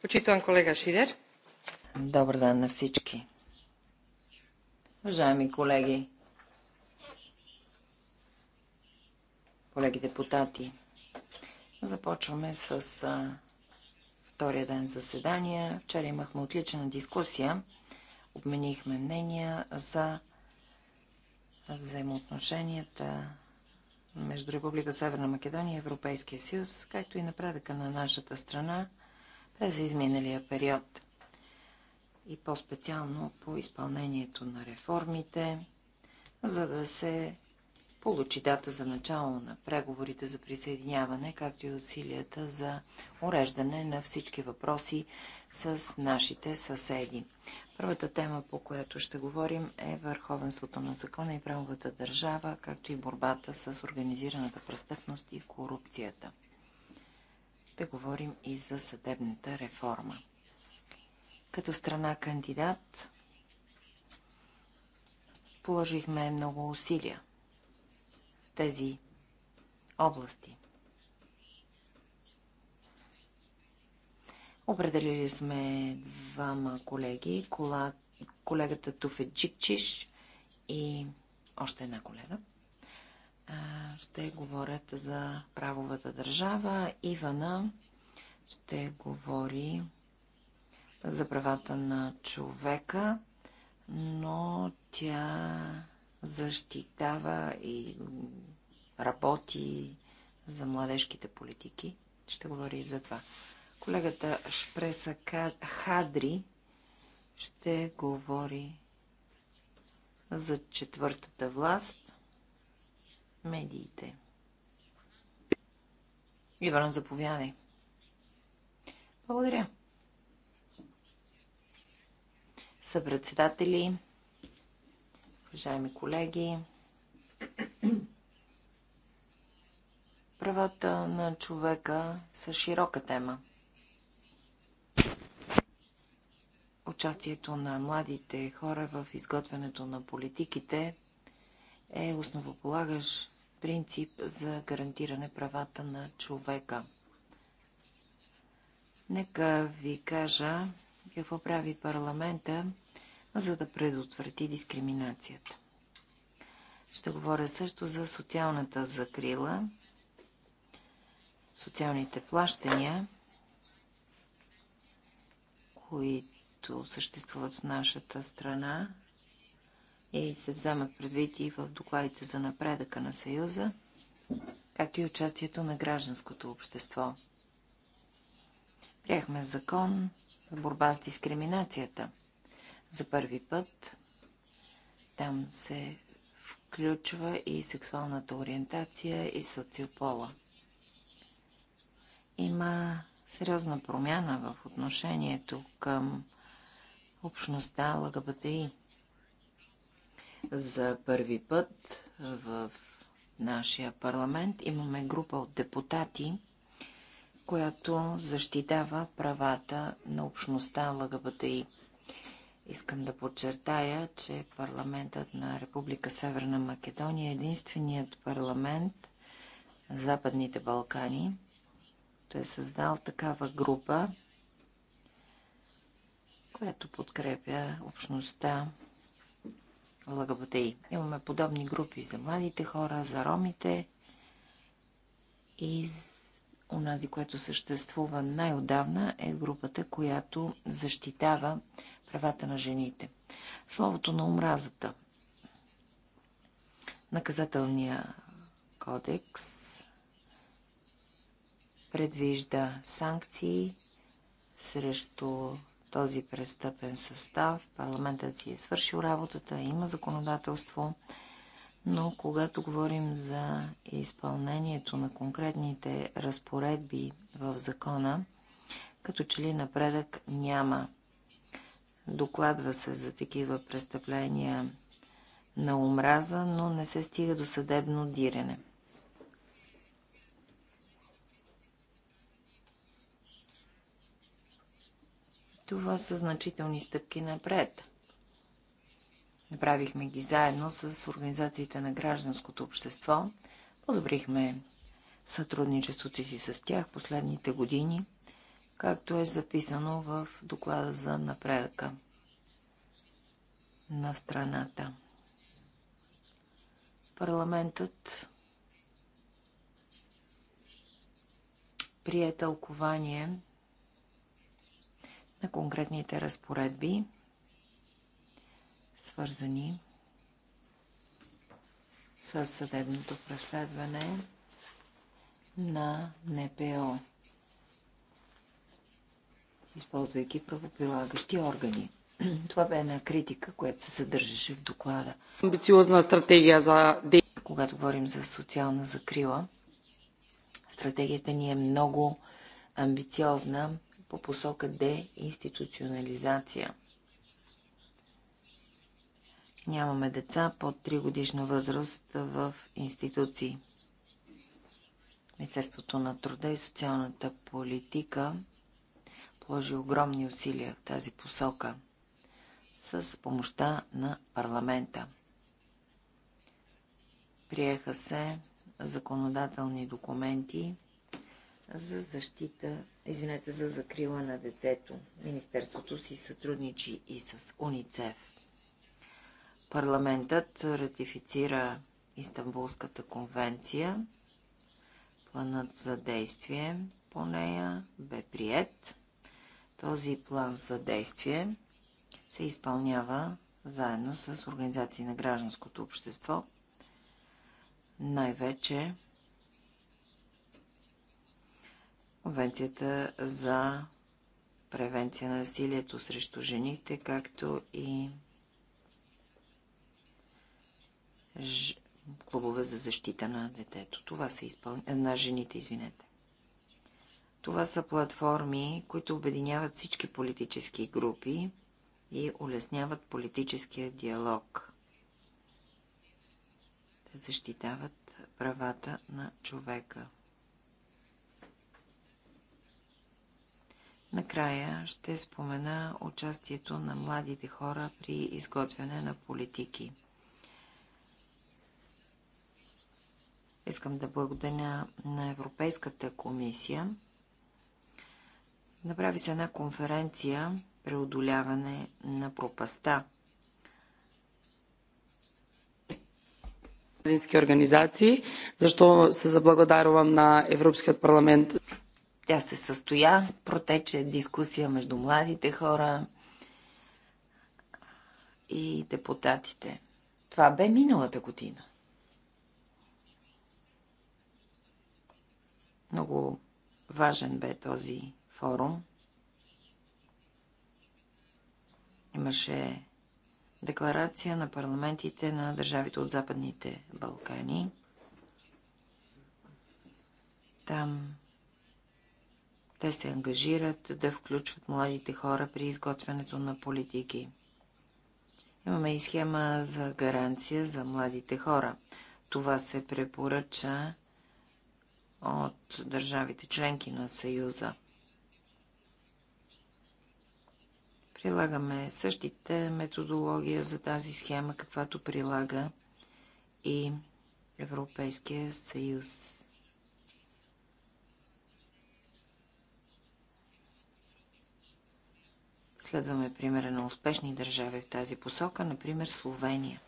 Почитан колега Шидер. Добър ден на всички. Уважаеми колеги, колеги депутати, започваме с втория ден заседания. Вчера имахме отлична дискусия. Обменихме мнения за взаимоотношенията между Република Северна Македония и Европейския съюз, както и напредъка на нашата страна през изминалия период и по-специално по изпълнението на реформите, за да се получи дата за начало на преговорите за присъединяване, както и усилията за уреждане на всички въпроси с нашите съседи. Първата тема, по която ще говорим е върховенството на закона и правовата държава, както и борбата с организираната престъпност и корупцията ще говорим и за съдебната реформа. Като страна кандидат положихме много усилия в тези области. Определили сме двама колеги, колегата Туфе Джикчиш и още една колега ще говорят за правовата държава. Ивана ще говори за правата на човека, но тя защитава и работи за младежките политики. Ще говори и за това. Колегата Шпреса Хадри ще говори за четвъртата власт медиите. Иван, заповядай. Благодаря. Съпредседатели, уважаеми колеги, правата на човека са широка тема. Участието на младите хора в изготвянето на политиките – е основополагащ принцип за гарантиране правата на човека. Нека ви кажа какво прави парламента, за да предотврати дискриминацията. Ще говоря също за социалната закрила, социалните плащания, които съществуват в нашата страна и се вземат предвид и в докладите за напредъка на Съюза, както и участието на гражданското общество. Приехме закон в борба с дискриминацията. За първи път там се включва и сексуалната ориентация и социопола. Има сериозна промяна в отношението към общността ЛГБТИ. За първи път в нашия парламент имаме група от депутати, която защитава правата на общността ЛГБТИ. Искам да подчертая, че парламентът на Република Северна Македония е единственият парламент на Западните Балкани. Той е създал такава група, която подкрепя общността лъгоботеи. Имаме подобни групи за младите хора, за ромите и унази, което съществува най-отдавна, е групата, която защитава правата на жените. Словото на омразата. Наказателния кодекс предвижда санкции срещу този престъпен състав. Парламентът си е свършил работата, има законодателство, но когато говорим за изпълнението на конкретните разпоредби в закона, като че ли напредък няма. Докладва се за такива престъпления на омраза, но не се стига до съдебно диране. Това са значителни стъпки напред. Направихме ги заедно с организациите на гражданското общество. Подобрихме сътрудничеството си с тях последните години, както е записано в доклада за напредъка на страната. Парламентът прие тълкование на конкретните разпоредби, свързани с съдебното преследване на НПО, използвайки правоприлагащи органи. Това бе една критика, която се съдържаше в доклада. Амбициозна стратегия за Когато говорим за социална закрила, стратегията ни е много амбициозна по посока деинституционализация. Нямаме деца под 3 годишна възраст в институции. Министерството на труда и социалната политика положи огромни усилия в тази посока с помощта на парламента. Приеха се законодателни документи за защита, извинете, за закрила на детето. Министерството си сътрудничи и с УНИЦЕФ. Парламентът ратифицира Истанбулската конвенция. Планът за действие по нея бе прият. Този план за действие се изпълнява заедно с организации на гражданското общество, най-вече Конвенцията за превенция на насилието срещу жените, както и ж... клубове за защита на детето. Това са изпъл... Е, на жените, извинете. Това са платформи, които обединяват всички политически групи и улесняват политическия диалог. Те защитават правата на човека. Накрая ще спомена участието на младите хора при изготвяне на политики. Искам да благодаря на Европейската комисия. Направи се една конференция преодоляване на пропаста. Организации, защо се заблагодарувам на Европейският парламент. Тя се състоя, протече дискусия между младите хора и депутатите. Това бе миналата година. Много важен бе този форум. Имаше декларация на парламентите на държавите от Западните Балкани. Там те се ангажират да включват младите хора при изготвянето на политики. Имаме и схема за гаранция за младите хора. Това се препоръча от държавите членки на Съюза. Прилагаме същите методология за тази схема, каквато прилага и Европейския съюз. Следваме примера на успешни държави в тази посока, например Словения.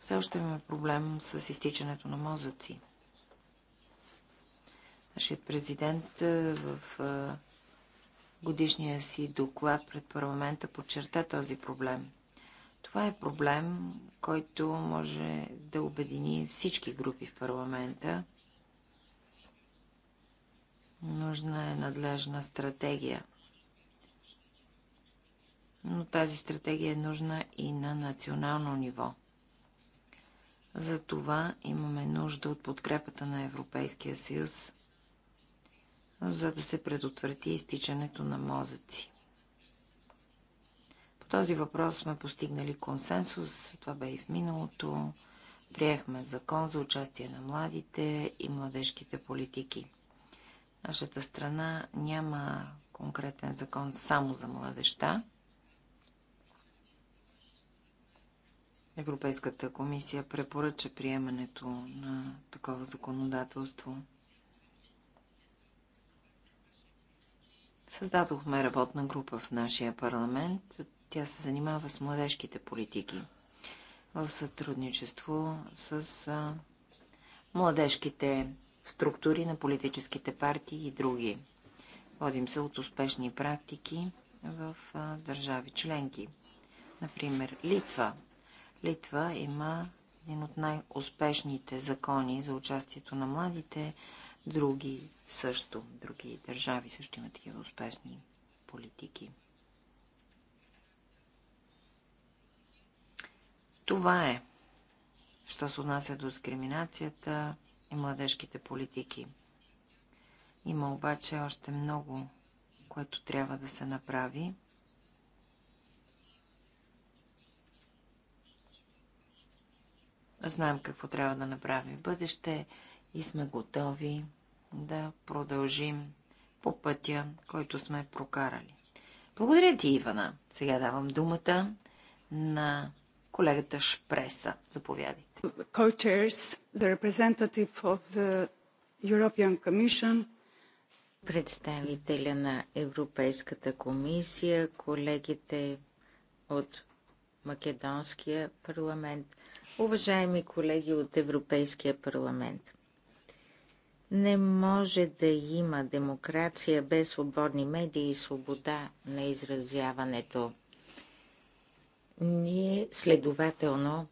Все още имаме проблем с изтичането на мозъци. Нашият президент е, в е, годишния си доклад пред парламента подчерта този проблем. Това е проблем, който може да обедини всички групи в парламента – Нужна е надлежна стратегия. Но тази стратегия е нужна и на национално ниво. За това имаме нужда от подкрепата на Европейския съюз, за да се предотврати изтичането на мозъци. По този въпрос сме постигнали консенсус, това бе и в миналото. Приехме закон за участие на младите и младежките политики. Нашата страна няма конкретен закон само за младеща. Европейската комисия препоръча приемането на такова законодателство. Създадохме работна група в нашия парламент. Тя се занимава с младежките политики в сътрудничество с младежките структури на политическите партии и други. Водим се от успешни практики в държави членки. Например, Литва. Литва има един от най-успешните закони за участието на младите, други също, други държави също имат такива успешни политики. Това е. Що се отнася до дискриминацията, и младежките политики. Има обаче още много, което трябва да се направи. Знаем какво трябва да направим в бъдеще и сме готови да продължим по пътя, който сме прокарали. Благодаря ти, Ивана. Сега давам думата на колегата Шпреса. Заповядайте. Представителя на Европейската комисия, колегите от Македонския парламент, уважаеми колеги от Европейския парламент. Не може да има демокрация без свободни медии и свобода на изразяването. Ние следователно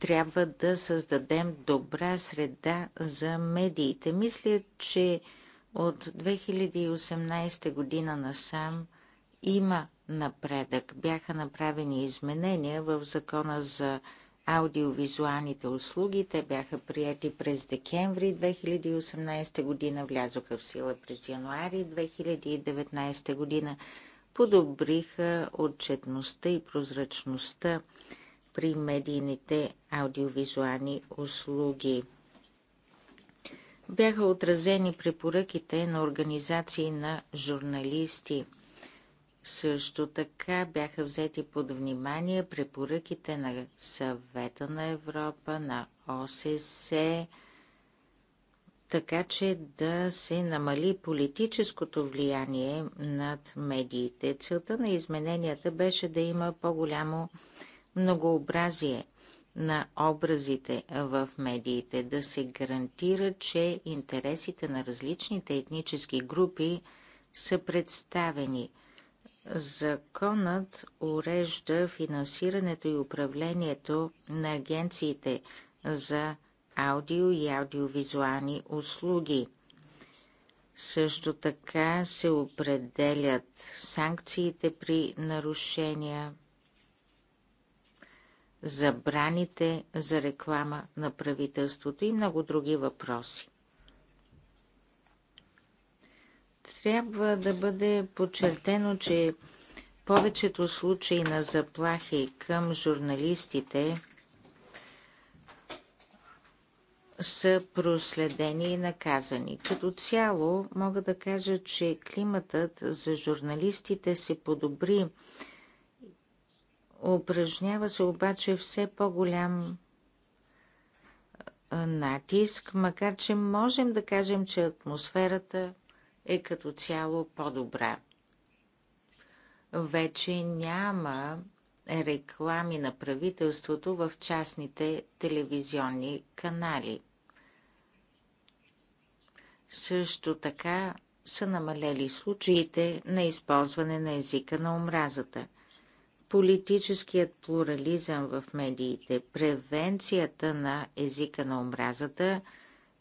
трябва да създадем добра среда за медиите. Мисля, че от 2018 година насам има напредък. Бяха направени изменения в закона за аудиовизуалните услуги. Те бяха прияти през декември 2018 година, влязоха в сила през януари 2019 година подобриха отчетността и прозрачността при медийните аудиовизуални услуги. Бяха отразени препоръките на организации на журналисти. Също така бяха взети под внимание препоръките на Съвета на Европа, на ОССЕ, така че да се намали политическото влияние над медиите. Целта на измененията беше да има по-голямо многообразие на образите в медиите, да се гарантира, че интересите на различните етнически групи са представени. Законът урежда финансирането и управлението на агенциите за аудио и аудиовизуални услуги. Също така се определят санкциите при нарушения, забраните за реклама на правителството и много други въпроси. Трябва да бъде подчертено, че повечето случаи на заплахи към журналистите са проследени и наказани. Като цяло мога да кажа, че климатът за журналистите се подобри. Упражнява се обаче все по-голям натиск, макар че можем да кажем, че атмосферата е като цяло по-добра. Вече няма реклами на правителството в частните телевизионни канали. Също така са намалели случаите на използване на езика на омразата. Политическият плурализъм в медиите, превенцията на езика на омразата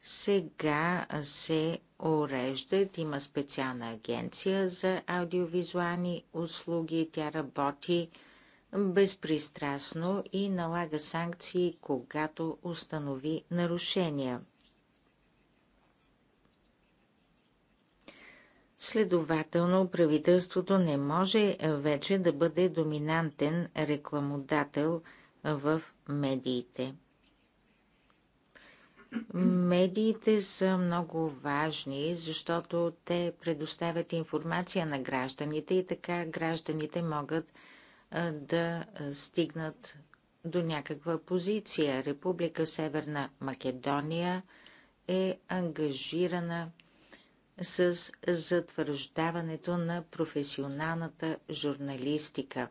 сега се уреждат. Има специална агенция за аудиовизуални услуги. Тя работи безпристрастно и налага санкции, когато установи нарушения. Следователно, правителството не може вече да бъде доминантен рекламодател в медиите. Медиите са много важни, защото те предоставят информация на гражданите и така гражданите могат да стигнат до някаква позиция. Република Северна Македония е ангажирана с затвърждаването на професионалната журналистика.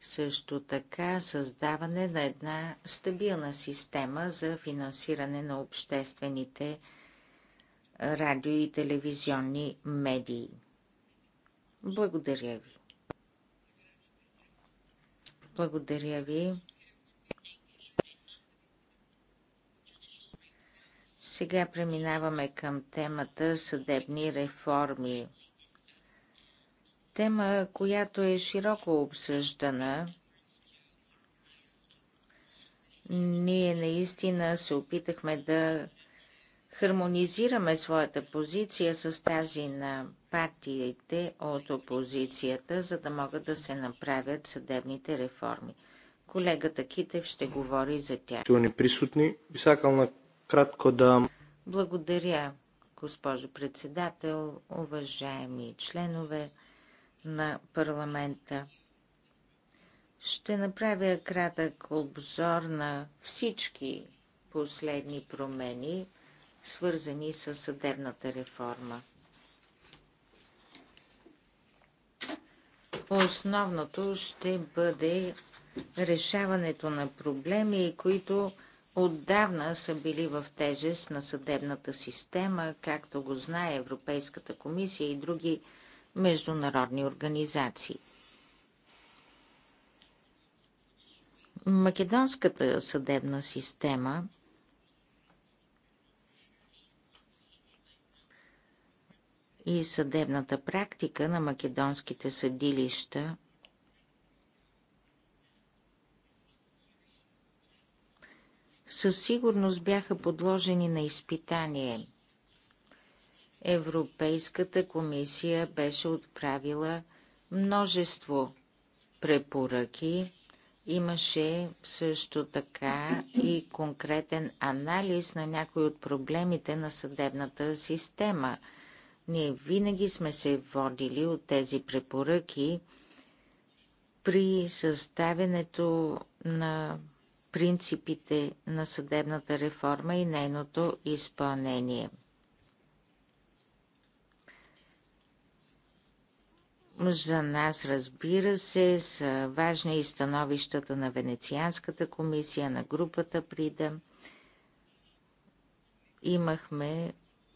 Също така създаване на една стабилна система за финансиране на обществените радио и телевизионни медии. Благодаря ви. Благодаря ви. Сега преминаваме към темата съдебни реформи. Тема, която е широко обсъждана. Ние наистина се опитахме да хармонизираме своята позиция с тази на партиите от опозицията, за да могат да се направят съдебните реформи. Колегата Китев ще говори за тях. присутни, на кратко да... Благодаря, госпожо председател, уважаеми членове на парламента. Ще направя кратък обзор на всички последни промени, свързани с съдебната реформа. Основното ще бъде решаването на проблеми, които отдавна са били в тежест на съдебната система, както го знае Европейската комисия и други международни организации. Македонската съдебна система и съдебната практика на македонските съдилища със сигурност бяха подложени на изпитание. Европейската комисия беше отправила множество препоръки. Имаше също така и конкретен анализ на някои от проблемите на съдебната система – ние винаги сме се водили от тези препоръки при съставянето на принципите на съдебната реформа и нейното изпълнение. За нас, разбира се, са важни и становищата на Венецианската комисия, на групата Прида. Имахме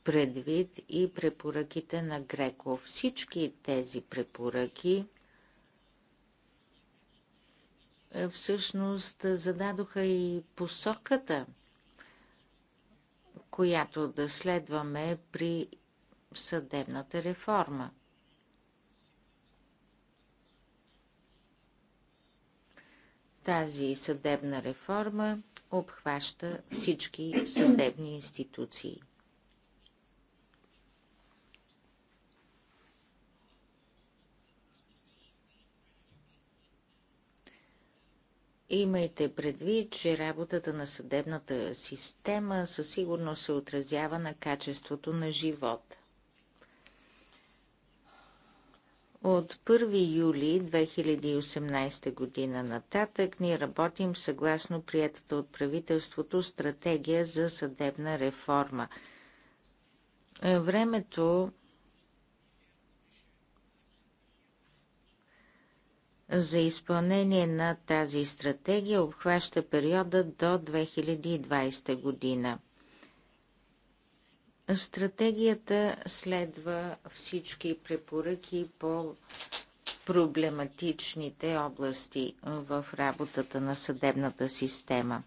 предвид и препоръките на Греко. Всички тези препоръки е, всъщност е, зададоха и посоката, която да следваме при съдебната реформа. Тази съдебна реформа обхваща всички съдебни институции. Имайте предвид, че работата на съдебната система със сигурност се отразява на качеството на живот. От 1 юли 2018 година нататък ние работим съгласно приятата от правителството стратегия за съдебна реформа. Времето за изпълнение на тази стратегия обхваща периода до 2020 година. Стратегията следва всички препоръки по проблематичните области в работата на съдебната система.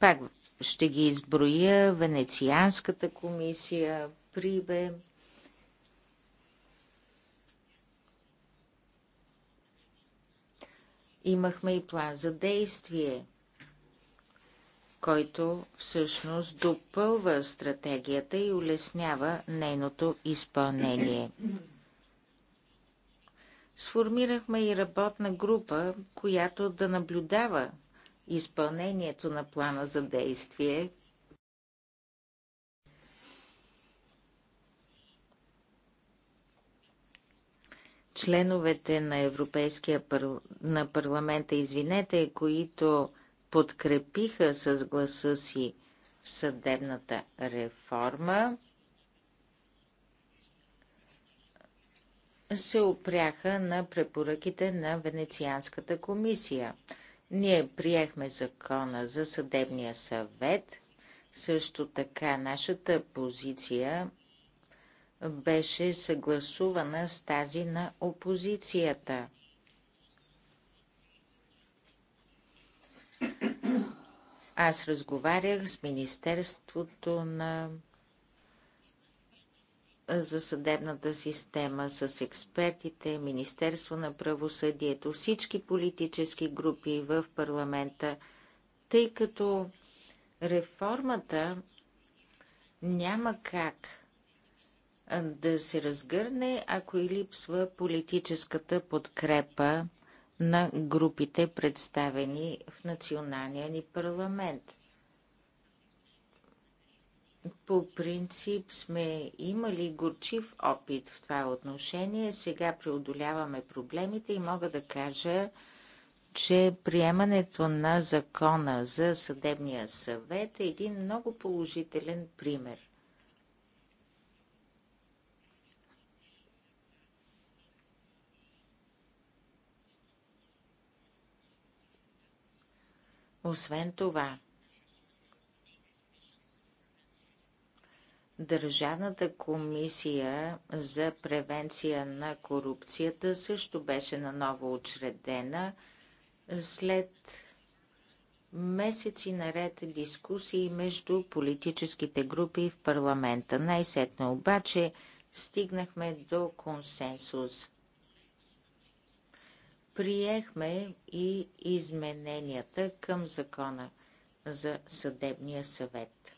Пак ще ги изброя Венецианската комисия, Прибе, Имахме и план за действие, който всъщност допълва стратегията и улеснява нейното изпълнение. Сформирахме и работна група, която да наблюдава изпълнението на плана за действие – членовете на Европейския пар... на парламента, извинете, които подкрепиха с гласа си съдебната реформа, се опряха на препоръките на Венецианската комисия. Ние приехме закона за съдебния съвет, също така нашата позиция беше съгласувана с тази на опозицията. Аз разговарях с Министерството на за съдебната система, с експертите, Министерство на правосъдието, всички политически групи в парламента, тъй като реформата няма как да се разгърне, ако и липсва политическата подкрепа на групите, представени в националния ни парламент. По принцип сме имали горчив опит в това отношение. Сега преодоляваме проблемите и мога да кажа, че приемането на закона за съдебния съвет е един много положителен пример – Освен това, Държавната комисия за превенция на корупцията също беше наново учредена след месеци наред дискусии между политическите групи в парламента. Най-сетно обаче стигнахме до консенсус приехме и измененията към закона за съдебния съвет.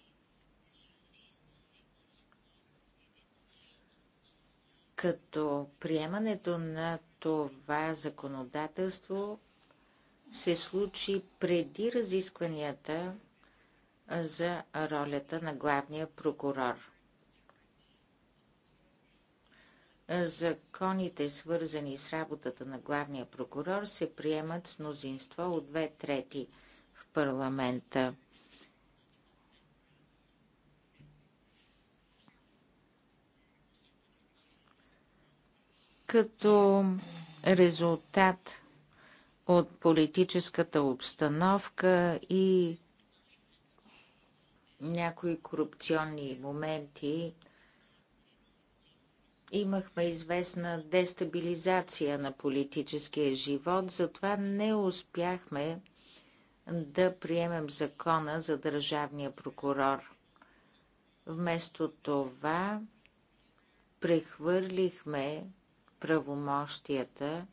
Като приемането на това законодателство се случи преди разискванията за ролята на главния прокурор. Законите, свързани с работата на главния прокурор, се приемат с мнозинство от две трети в парламента. Като резултат от политическата обстановка и някои корупционни моменти Имахме известна дестабилизация на политическия живот, затова не успяхме да приемем закона за държавния прокурор. Вместо това прехвърлихме правомощията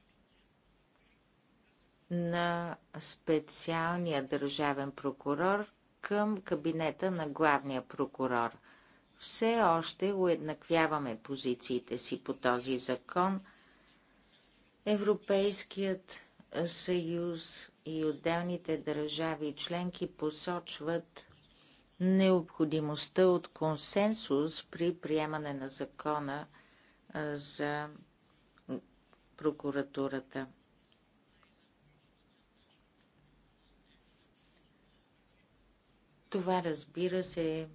на специалния държавен прокурор към кабинета на главния прокурор – все още уеднаквяваме позициите си по този закон. Европейският съюз и отделните държави и членки посочват необходимостта от консенсус при приемане на закона за прокуратурата. Това, разбира се, е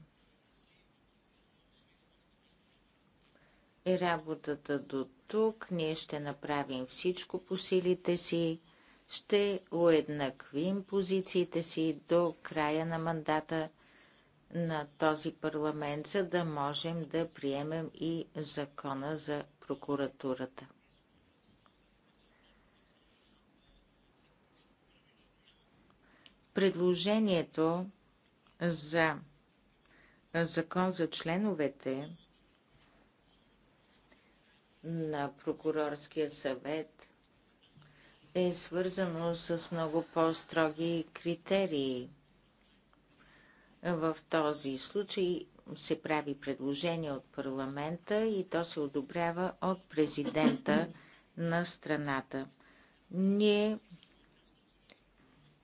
Е работата до тук. Ние ще направим всичко по силите си. Ще уеднаквим позициите си до края на мандата на този парламент, за да можем да приемем и закона за прокуратурата. Предложението за закон за членовете на прокурорския съвет е свързано с много по-строги критерии. В този случай се прави предложение от парламента и то се одобрява от президента на страната. Ние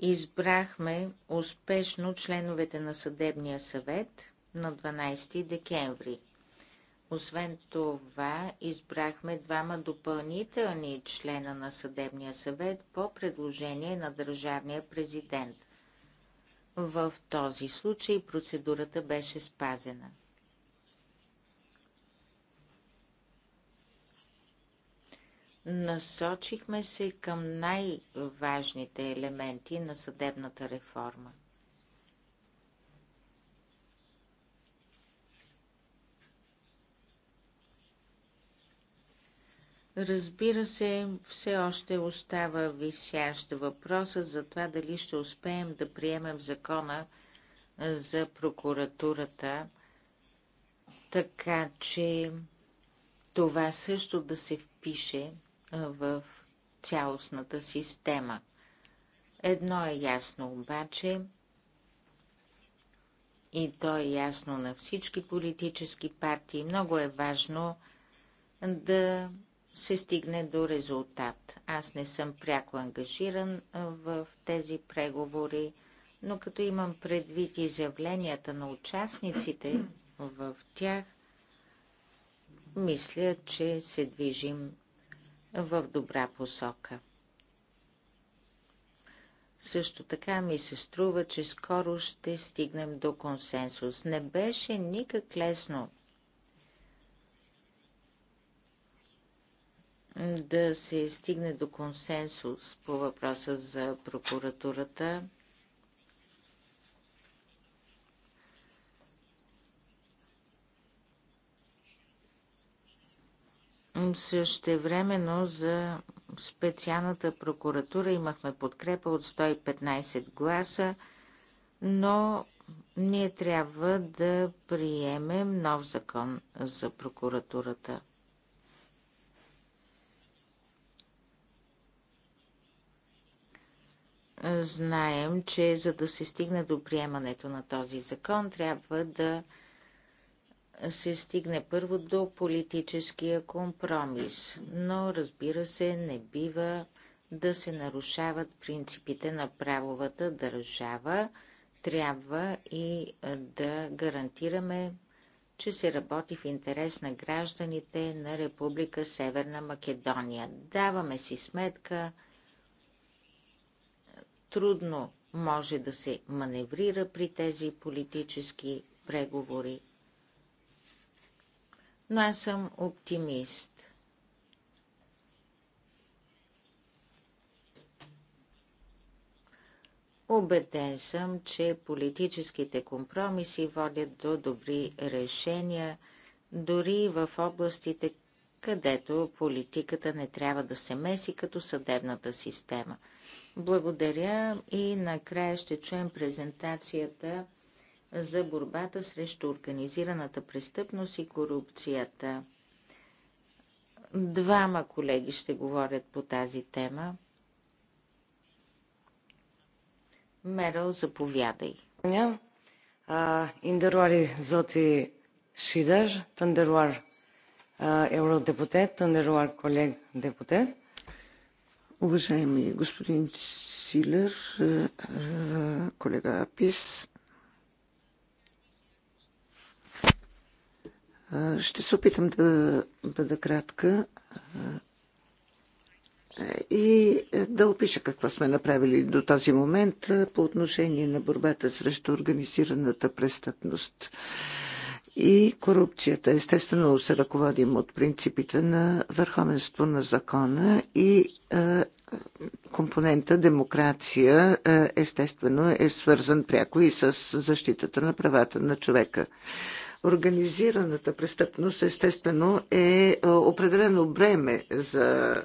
избрахме успешно членовете на съдебния съвет на 12 декември. Освен това, избрахме двама допълнителни члена на съдебния съвет по предложение на държавния президент. В този случай процедурата беше спазена. Насочихме се към най-важните елементи на съдебната реформа – Разбира се, все още остава висящ въпросът за това дали ще успеем да приемем закона за прокуратурата, така че това също да се впише в цялостната система. Едно е ясно обаче, и то е ясно на всички политически партии, много е важно да се стигне до резултат. Аз не съм пряко ангажиран в тези преговори, но като имам предвид изявленията на участниците в тях, мисля, че се движим в добра посока. Също така ми се струва, че скоро ще стигнем до консенсус. Не беше никак лесно да се стигне до консенсус по въпроса за прокуратурата. времено за специалната прокуратура имахме подкрепа от 115 гласа, но ние трябва да приемем нов закон за прокуратурата. Знаем, че за да се стигне до приемането на този закон, трябва да се стигне първо до политическия компромис, но разбира се, не бива да се нарушават принципите на правовата държава. Трябва и да гарантираме, че се работи в интерес на гражданите на Република Северна Македония. Даваме си сметка, трудно може да се маневрира при тези политически преговори. Но аз съм оптимист. Обеден съм, че политическите компромиси водят до добри решения, дори в областите, където политиката не трябва да се меси като съдебната система – благодаря и накрая ще чуем презентацията за борбата срещу организираната престъпност и корупцията. Двама колеги ще говорят по тази тема. Мерел, заповядай. Индеруари Зоти Шидър, тъндеруар евродепутет, тъндеруар колег депутет. Уважаеми господин Силер, е, колега Апис, е, ще се опитам да бъда кратка е, и да опиша какво сме направили до този момент по отношение на борбата срещу организираната престъпност и корупцията. Естествено се ръководим от принципите на върховенство на закона и е, компонента демокрация е, естествено е свързан пряко и с защитата на правата на човека. Организираната престъпност естествено е, е определено бреме за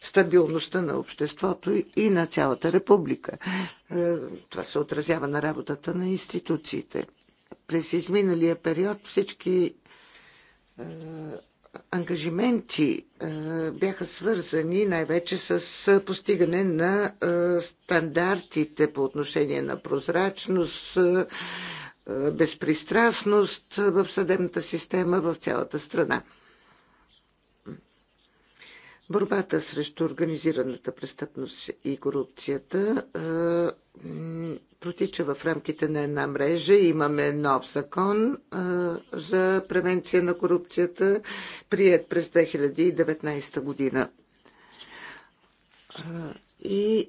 стабилността на обществото и на цялата република. Е, това се отразява на работата на институциите през изминалия период всички е, ангажименти е, бяха свързани най-вече с е, постигане на е, стандартите по отношение на прозрачност, е, е, безпристрастност в съдебната система в цялата страна. Борбата срещу организираната престъпност и корупцията е, протича в рамките на една мрежа. Имаме нов закон за превенция на корупцията, прият през 2019 година. и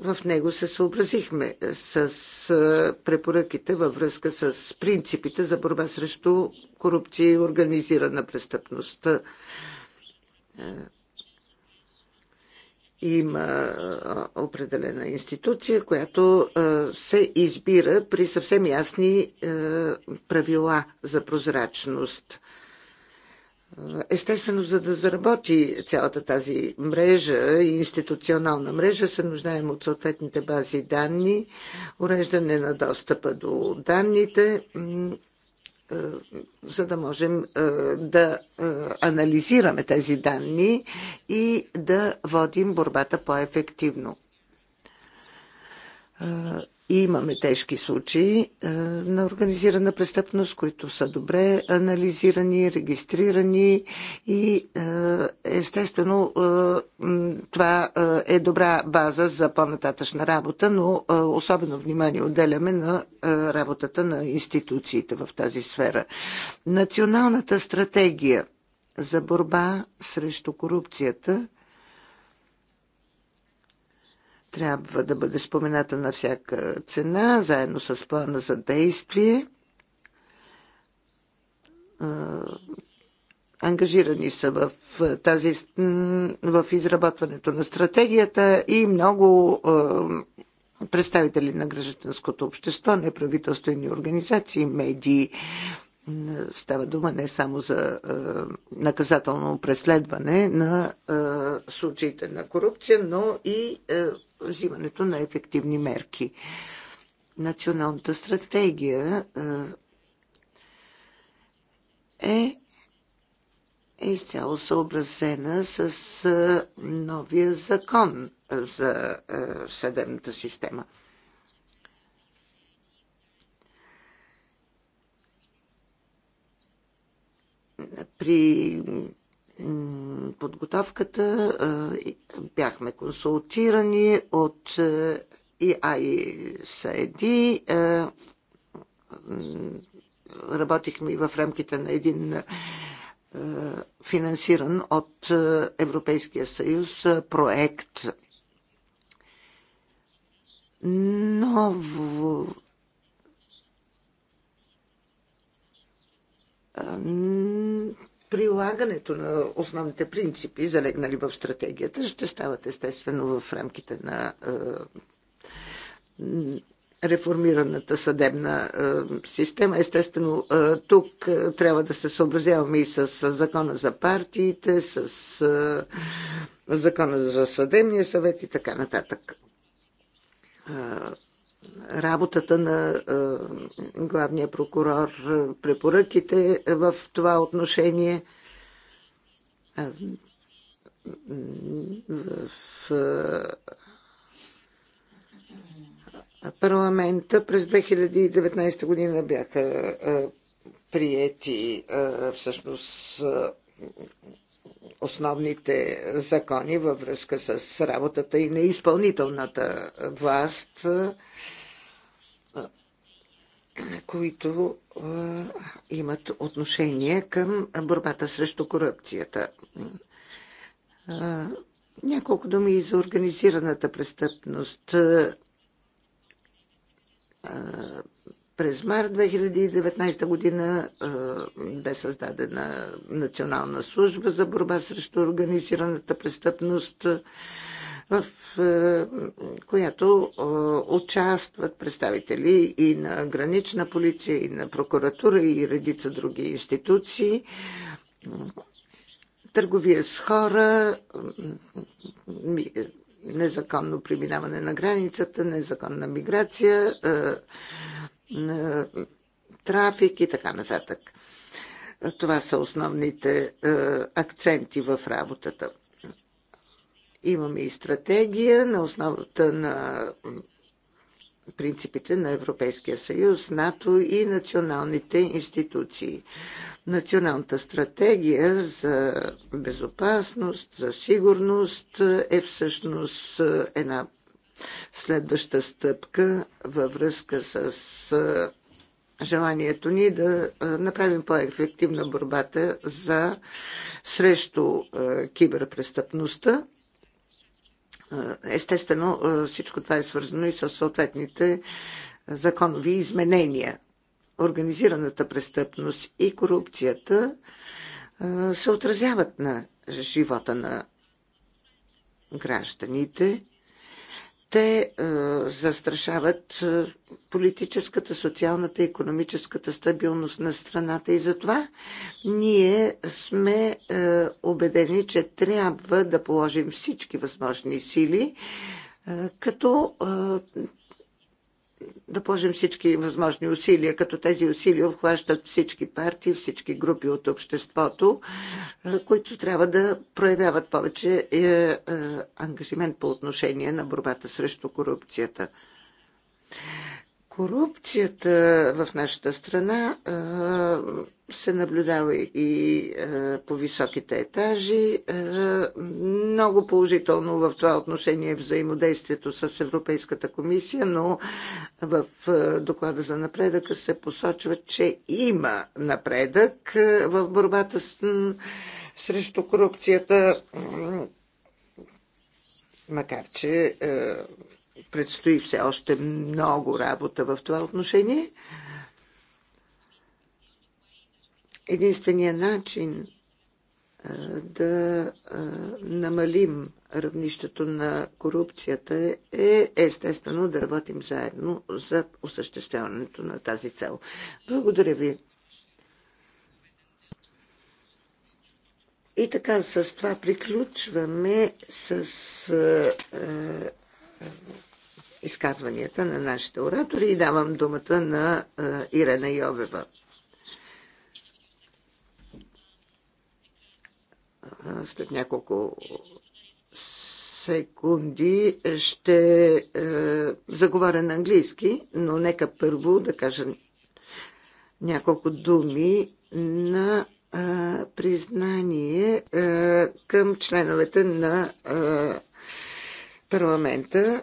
в него се съобразихме с препоръките във връзка с принципите за борба срещу корупция и организирана престъпност има определена институция, която се избира при съвсем ясни правила за прозрачност. Естествено, за да заработи цялата тази мрежа, институционална мрежа, се нуждаем от съответните бази данни, уреждане на достъпа до данните е, за да можем е, да е, анализираме тези данни и да водим борбата по-ефективно. И имаме тежки случаи е, на организирана престъпност, които са добре анализирани, регистрирани и е, естествено е, това е добра база за по-нататъчна работа, но особено внимание отделяме на работата на институциите в тази сфера. Националната стратегия за борба срещу корупцията – трябва да бъде спомената на всяка цена, заедно с плана за действие. Ангажирани са в, тази, в изработването на стратегията и много представители на гражданското общество, неправителствени организации, медии. Става дума не само за е, наказателно преследване на е, случаите на корупция, но и взимането на ефективни мерки. Националната стратегия е е изцяло съобразена с е, новия закон за е, съдебната система. При подготовката. Бяхме консултирани от ИАИСЕД. Работихме и в рамките на един финансиран от Европейския съюз проект. Ново прилагането на основните принципи, залегнали в стратегията, ще стават естествено в рамките на е, реформираната съдебна е, система. Естествено, е, тук трябва да се съобразяваме и с закона за партиите, с закона за съдебния съвет и така нататък работата на главния прокурор, препоръките в това отношение в парламента през 2019 година бяха приети всъщност основните закони във връзка с работата и на изпълнителната власт, които имат отношение към борбата срещу корупцията. Няколко думи и за организираната престъпност през март 2019 година бе създадена Национална служба за борба срещу организираната престъпност, в която участват представители и на гранична полиция, и на прокуратура, и редица други институции. Търговия с хора, незаконно преминаване на границата, незаконна миграция, на трафик и така нататък. Това са основните е, акценти в работата. Имаме и стратегия на основата на принципите на Европейския съюз, НАТО и националните институции. Националната стратегия за безопасност, за сигурност е всъщност една следваща стъпка във връзка с желанието ни да направим по-ефективна борбата за срещу киберпрестъпността. Естествено, всичко това е свързано и с съответните законови изменения. Организираната престъпност и корупцията се отразяват на живота на гражданите те е, застрашават е, политическата, социалната и економическата стабилност на страната. И затова ние сме е, убедени, че трябва да положим всички възможни сили, е, като е, да положим всички възможни усилия, като тези усилия обхващат всички партии, всички групи от обществото, които трябва да проявяват повече е, е, ангажимент по отношение на борбата срещу корупцията. Корупцията в нашата страна се наблюдава и а, е, по високите етажи. А, е, много положително в това отношение е взаимодействието с Европейската комисия, но в а, е, доклада за напредъка се посочва, че има напредък в борбата с, срещу корупцията, макар че а, предстои все още много работа в това отношение единствения начин да намалим равнището на корупцията е естествено да работим заедно за осъществяването на тази цел. Благодаря ви. И така, с това приключваме с е, е, изказванията на нашите оратори и давам думата на е, Ирена Йовева. след няколко секунди ще е, заговаря заговоря на английски, но нека първо да кажа няколко думи на е, признание е, към членовете на парламента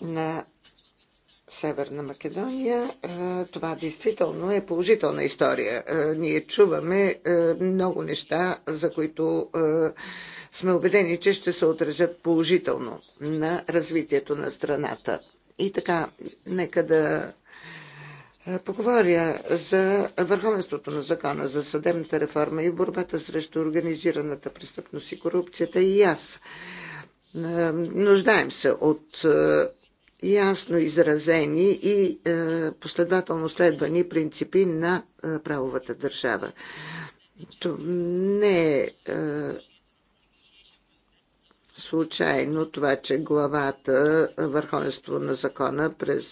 на Северна Македония. Е, това действително е положителна история. Е, ние чуваме е, много неща, за които сме убедени, че ще се отразят положително на развитието на страната. И така, нека да поговоря за върховенството на закона, за съдебната реформа и борбата срещу организираната престъпност и корупцията и аз. Нуждаем се от ясно изразени и е, последователно следвани принципи на е, правовата държава. То не е, е случайно това, че главата Върховенство на закона през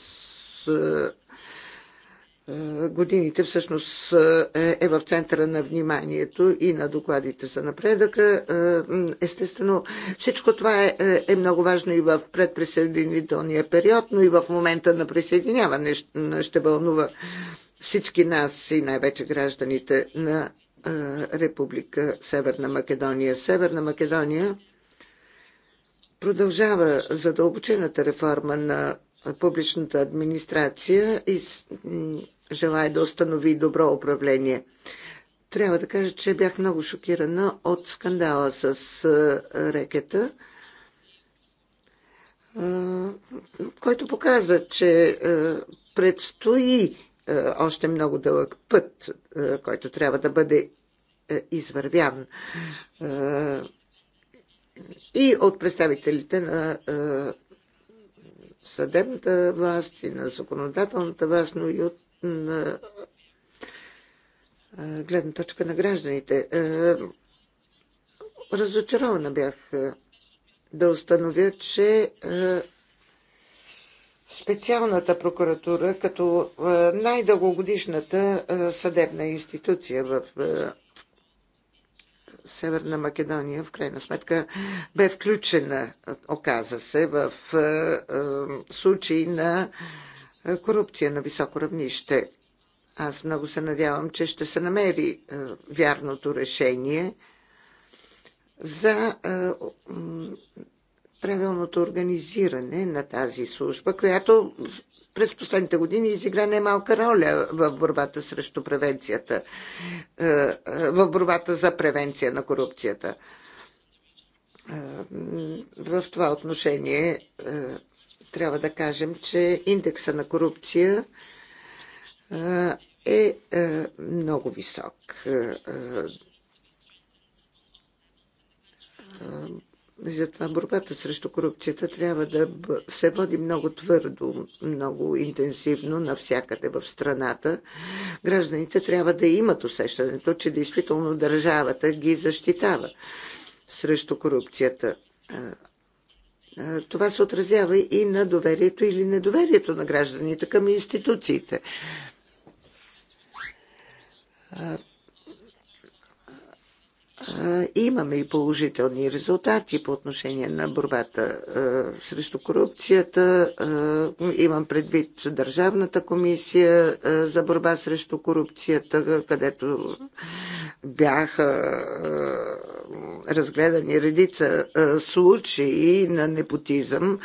е, годините всъщност е, е в центъра на вниманието и на докладите за напредъка. Е, естествено, всичко това е, е много важно и в предприсъединителния период, но и в момента на присъединяване ще вълнува всички нас и най-вече гражданите на Република Северна Македония. Северна Македония продължава задълбочената реформа на публичната администрация и желая да установи добро управление. Трябва да кажа, че бях много шокирана от скандала с рекета, който показа, че предстои още много дълъг път, който трябва да бъде извървян и от представителите на съдебната власт и на законодателната власт, но и от на гледна точка на гражданите. Разочарована бях да установя, че специалната прокуратура като най-дългогодишната съдебна институция в Северна Македония, в крайна сметка, бе включена, оказа се, в случай на е, корупция на високо равнище. Аз много се надявам, че ще се намери е, вярното решение за е, правилното организиране на тази служба, която през последните години изигра немалка роля в борбата срещу превенцията, в борбата за превенция на корупцията. В това отношение трябва да кажем, че индекса на корупция е много висок. Затова борбата срещу корупцията трябва да се води много твърдо, много интензивно навсякъде в страната. Гражданите трябва да имат усещането, че действително държавата ги защитава срещу корупцията това се отразява и на доверието или недоверието на гражданите към институциите. Е, имаме и положителни резултати по отношение на борбата е, срещу корупцията. Е, имам предвид Държавната комисия за борба срещу корупцията, където бяха разгледани редица случаи на непотизъм.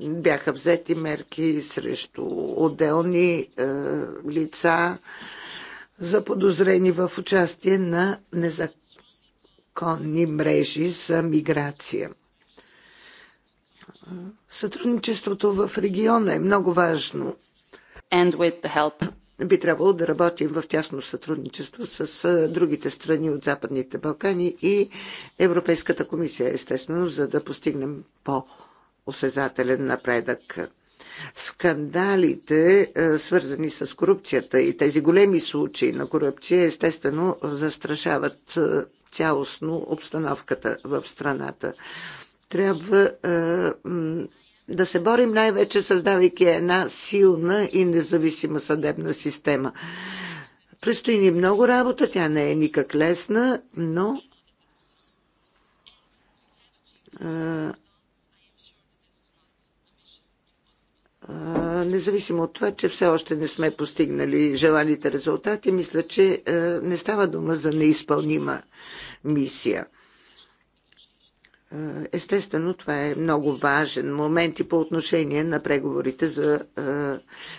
Бяха взети мерки срещу отделни лица за подозрени в участие на незаконни мрежи за миграция. Сътрудничеството в региона е много важно. And with the help. Би трябвало да работим в тясно сътрудничество с другите страни от Западните Балкани и Европейската комисия, естествено, за да постигнем по-осезателен напредък. Скандалите, е, свързани с корупцията и тези големи случаи на корупция, естествено, застрашават е, цялостно обстановката в страната. Трябва е, да се борим най-вече създавайки една силна и независима съдебна система. Престои ни много работа, тя не е никак лесна, но независимо от това, че все още не сме постигнали желаните резултати, мисля, че не става дума за неизпълнима мисия. Естествено, това е много важен момент и по отношение на преговорите за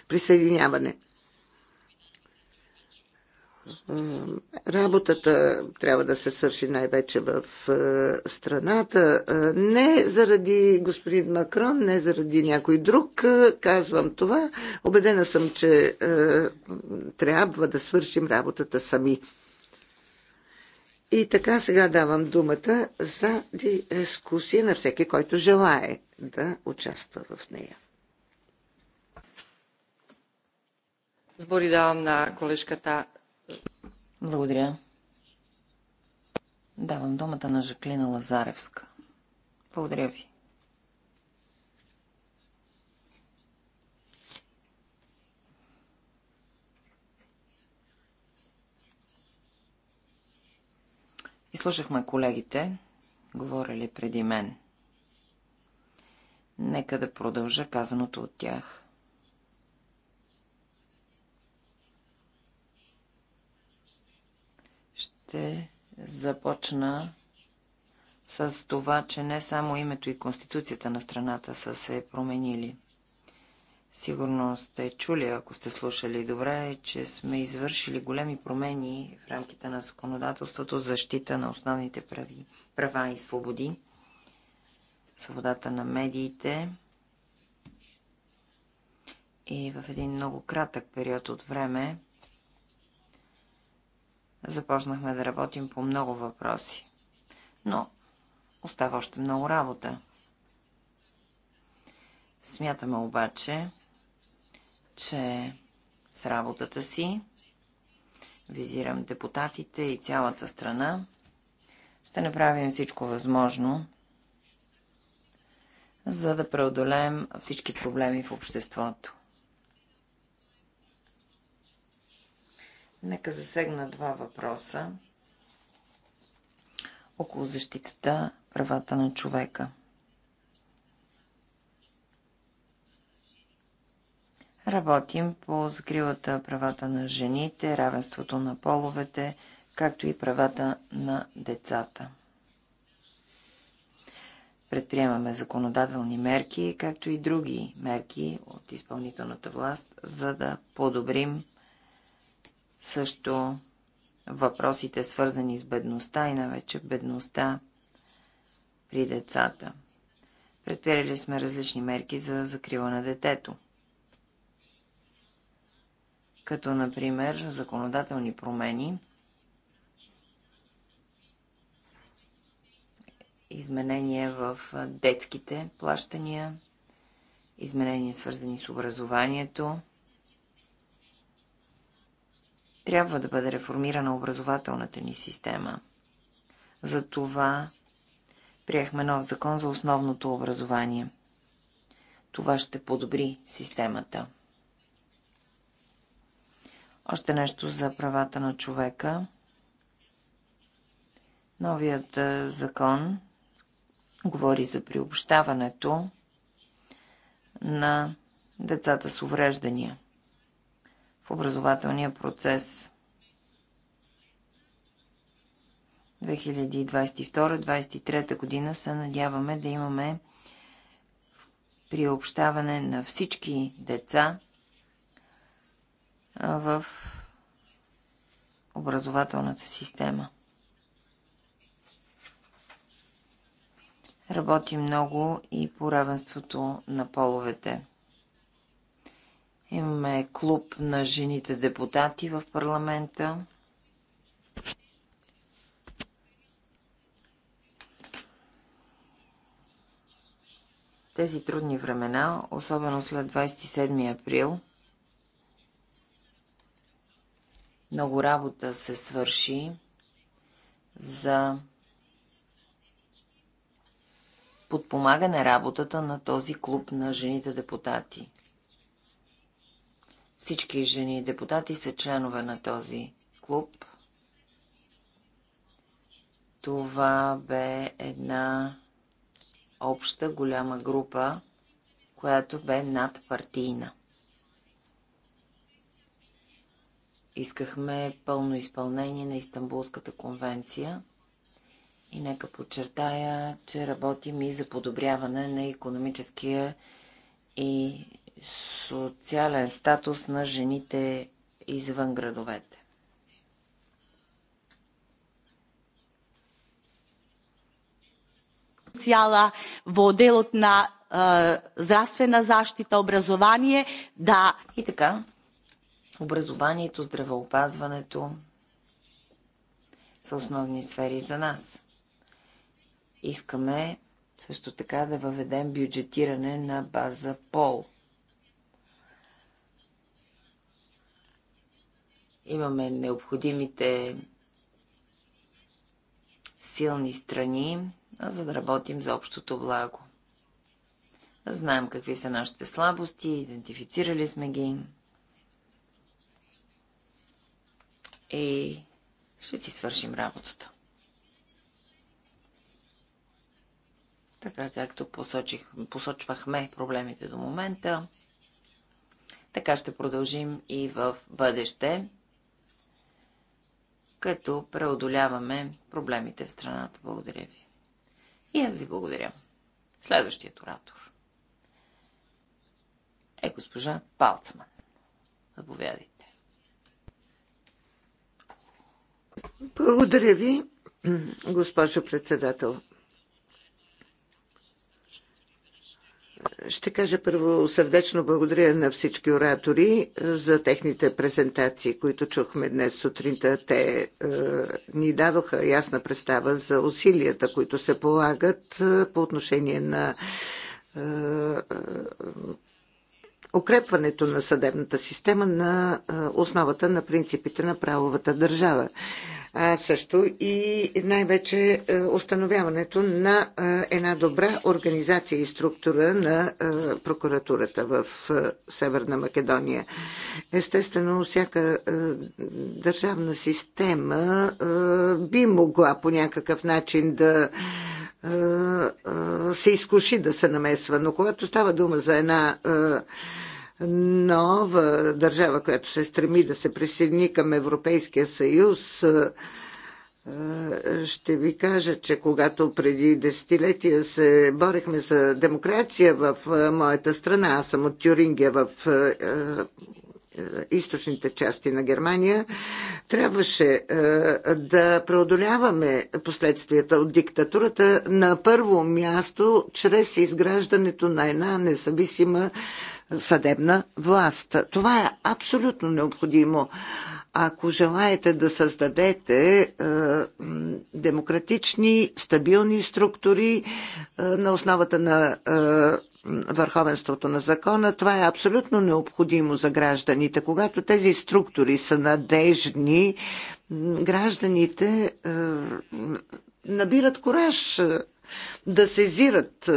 присъединяване. Работата трябва да се свърши най-вече в е, страната. Е, не заради господин Макрон, не заради някой друг, е, казвам това. Обедена съм, че трябва да свършим работата сами. И така сега давам думата за дискусия на всеки, който желае да участва в нея. Сбори давам на колешката. Благодаря. Давам думата на Жаклина Лазаревска. Благодаря ви. Изслушахме колегите, говорили преди мен. Нека да продължа казаното от тях. Ще започна с това, че не само името и Конституцията на страната са се променили. Сигурно сте чули, ако сте слушали добре, че сме извършили големи промени в рамките на законодателството защита на основните прави, права и свободи, свободата на медиите и в един много кратък период от време Започнахме да работим по много въпроси. Но остава още много работа. Смятаме обаче, че с работата си, визирам депутатите и цялата страна, ще направим всичко възможно, за да преодолеем всички проблеми в обществото. Нека засегна два въпроса около защитата правата на човека. Работим по закрилата правата на жените, равенството на половете, както и правата на децата. Предприемаме законодателни мерки, както и други мерки от изпълнителната власт, за да подобрим също въпросите свързани с бедността и навече бедността при децата. Предприели сме различни мерки за закрива на детето. Като, например, законодателни промени, изменения в детските плащания, изменения свързани с образованието, трябва да бъде реформирана образователната ни система. Затова приехме нов закон за основното образование. Това ще подобри системата. Още нещо за правата на човека. Новият закон говори за приобщаването на децата с увреждания в образователния процес. 2022-2023 година се надяваме да имаме приобщаване на всички деца в образователната система. Работи много и по равенството на половете. Имаме клуб на жените депутати в парламента. Тези трудни времена, особено след 27 април, много работа се свърши за подпомагане работата на този клуб на жените депутати – всички жени депутати са членове на този клуб. Това бе една обща голяма група, която бе надпартийна. Искахме пълно изпълнение на Истанбулската конвенция и нека подчертая, че работим и за подобряване на економическия и социален статус на жените извън градовете. Цяла во делот на е, здравствена защита, образование, да... И така, образованието, здравеопазването са основни сфери за нас. Искаме също така да въведем бюджетиране на база пол. Имаме необходимите силни страни, за да работим за общото благо. Знаем какви са нашите слабости, идентифицирали сме ги. И ще си свършим работата. Така както посочих, посочвахме проблемите до момента, така ще продължим и в бъдеще като преодоляваме проблемите в страната. Благодаря ви. И аз ви благодаря. Следващият оратор е госпожа Палцман. Заповядайте. Благодаря ви, госпожо председател. Ще кажа първо сърдечно благодаря на всички оратори е, за техните презентации, които чухме днес сутринта. Те е, ни дадоха ясна представа за усилията, които се полагат е, по отношение на е, е укрепването на съдебната система на е, основата на принципите на правовата държава. Е, а също и най-вече е, установяването на е, една добра организация и структура на е, прокуратурата в Северна Македония. Естествено, всяка държавна система би могла по някакъв начин да се изкуши да се намесва, но когато става дума за една нова държава, която се стреми да се присъедини към Европейския съюз, е, е, ще ви кажа, че когато преди десетилетия се борехме за демокрация в е, моята страна, аз съм от Тюрингия в източните части на Германия, трябваше да преодоляваме последствията от диктатурата на първо място чрез изграждането на една независима съдебна власт. Това е абсолютно необходимо. Ако желаете да създадете е, демократични, стабилни структури е, на основата на е, върховенството на закона, това е абсолютно необходимо за гражданите. Когато тези структури са надежни, гражданите е, набират кораж да сезират е,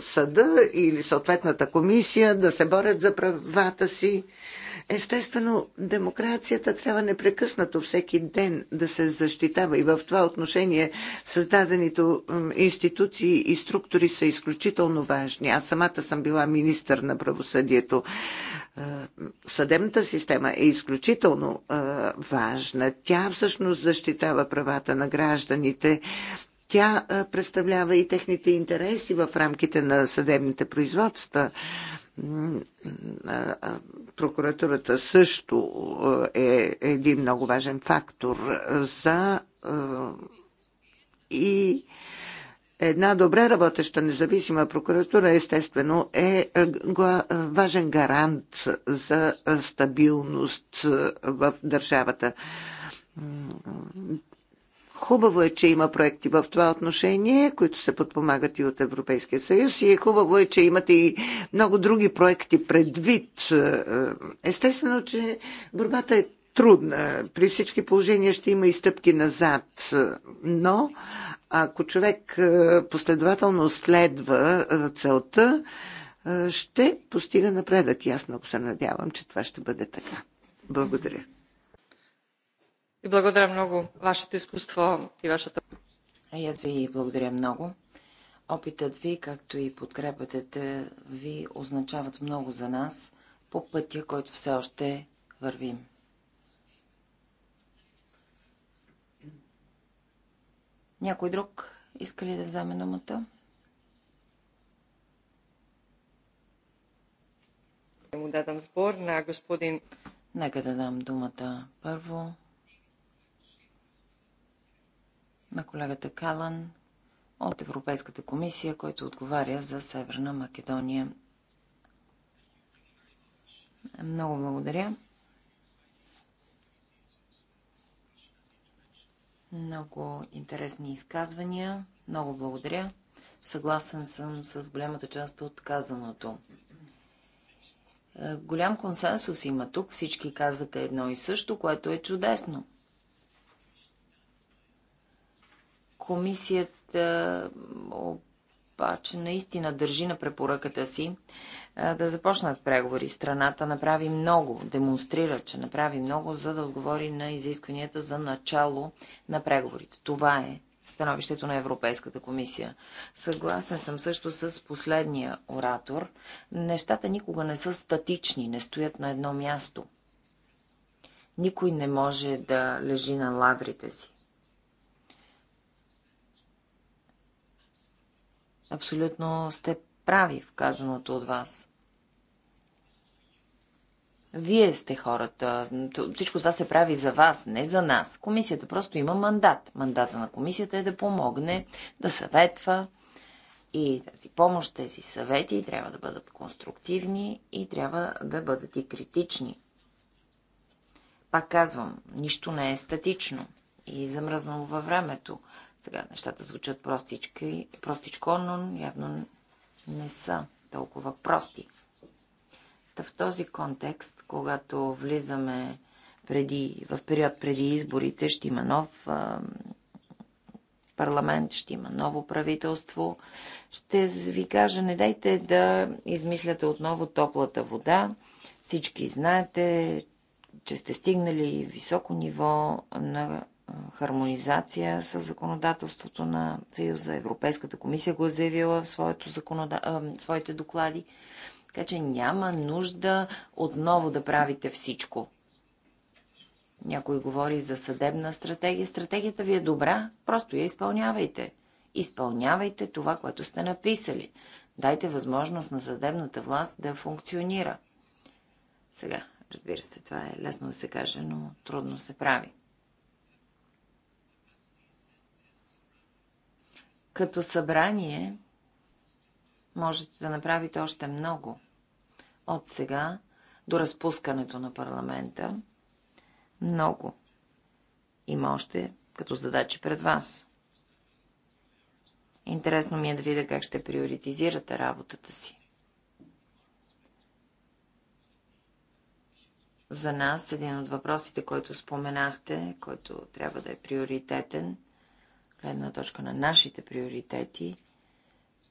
съда или съответната комисия, да се борят за правата си. Естествено, демокрацията трябва непрекъснато всеки ден да се защитава и в това отношение създадените институции и структури са изключително важни. Аз самата съм била министър на правосъдието. Е, съдебната система е изключително е, важна. Тя всъщност защитава правата на гражданите тя представлява и техните интереси в рамките на съдебните производства. Прокуратурата също е един много важен фактор за и една добре работеща независима прокуратура естествено е важен гарант за стабилност в държавата. Хубаво е, че има проекти в това отношение, които се подпомагат и от Европейския съюз и е хубаво е, че имате и много други проекти предвид. Е, е, естествено, че борбата е трудна. При всички положения ще има и стъпки назад. Но ако човек последователно следва целта, ще постига напредък. И аз много се надявам, че това ще бъде така. Благодаря. И благодаря много вашето изкуство и вашата... И аз ви благодаря много. Опитът ви, както и подкрепата ви, означават много за нас по пътя, който все още вървим. Някой друг иска ли да вземе думата? Му дадам сбор на господин... Нека да дам думата първо на колегата Калан от Европейската комисия, който отговаря за Северна Македония. Много благодаря. Много интересни изказвания. Много благодаря. Съгласен съм с голямата част от казаното. Голям консенсус има тук. Всички казвате едно и също, което е чудесно. Комисията обаче наистина държи на препоръката си да започнат преговори. Страната направи много, демонстрира, че направи много, за да отговори на изискванията за начало на преговорите. Това е становището на Европейската комисия. Съгласен съм също с последния оратор. Нещата никога не са статични, не стоят на едно място. Никой не може да лежи на лаврите си. Абсолютно сте прави в казаното от вас. Вие сте хората. Всичко това се прави за вас, не за нас. Комисията просто има мандат. Мандата на комисията е да помогне, да съветва. И тази помощ, тези съвети трябва да бъдат конструктивни и трябва да бъдат и критични. Пак казвам, нищо не е статично и замръзнало във времето. Сега нещата звучат простички, простичко, но явно не са толкова прости. Та в този контекст, когато влизаме преди, в период преди изборите, ще има нов а, парламент, ще има ново правителство. Ще ви кажа, не дайте да измисляте отново топлата вода. Всички знаете, че сте стигнали високо ниво на хармонизация с законодателството на Съюза. Европейската комисия го е заявила в своето законода... своите доклади. Така че няма нужда отново да правите всичко. Някой говори за съдебна стратегия. Стратегията ви е добра, просто я изпълнявайте. Изпълнявайте това, което сте написали. Дайте възможност на съдебната власт да функционира. Сега, разбира се, това е лесно да се каже, но трудно се прави. Като събрание можете да направите още много. От сега до разпускането на парламента много има още като задачи пред вас. Интересно ми е да видя как ще приоритизирате работата си. За нас един от въпросите, който споменахте, който трябва да е приоритетен, гледна точка на нашите приоритети,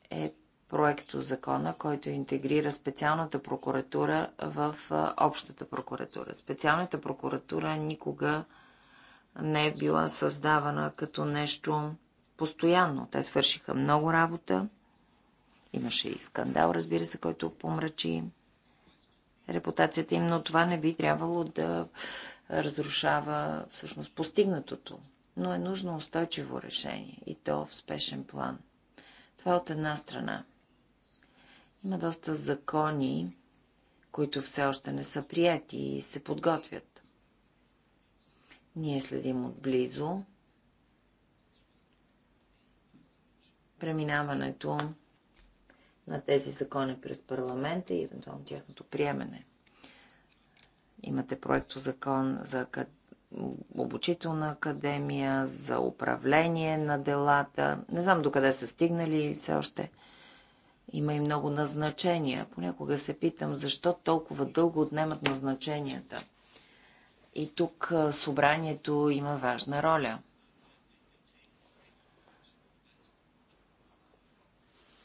е проекто закона, който интегрира специалната прокуратура в общата прокуратура. Специалната прокуратура никога не е била създавана като нещо постоянно. Те свършиха много работа. Имаше и скандал, разбира се, който помрачи репутацията им, но това не би трябвало да разрушава всъщност постигнатото но е нужно устойчиво решение и то в спешен план. Това е от една страна. Има доста закони, които все още не са прияти и се подготвят. Ние следим отблизо преминаването на тези закони през парламента и евентуално тяхното приемане. Имате проекто закон за обучителна академия, за управление на делата. Не знам докъде са стигнали все още. Има и много назначения. Понякога се питам, защо толкова дълго отнемат назначенията. И тук събранието има важна роля.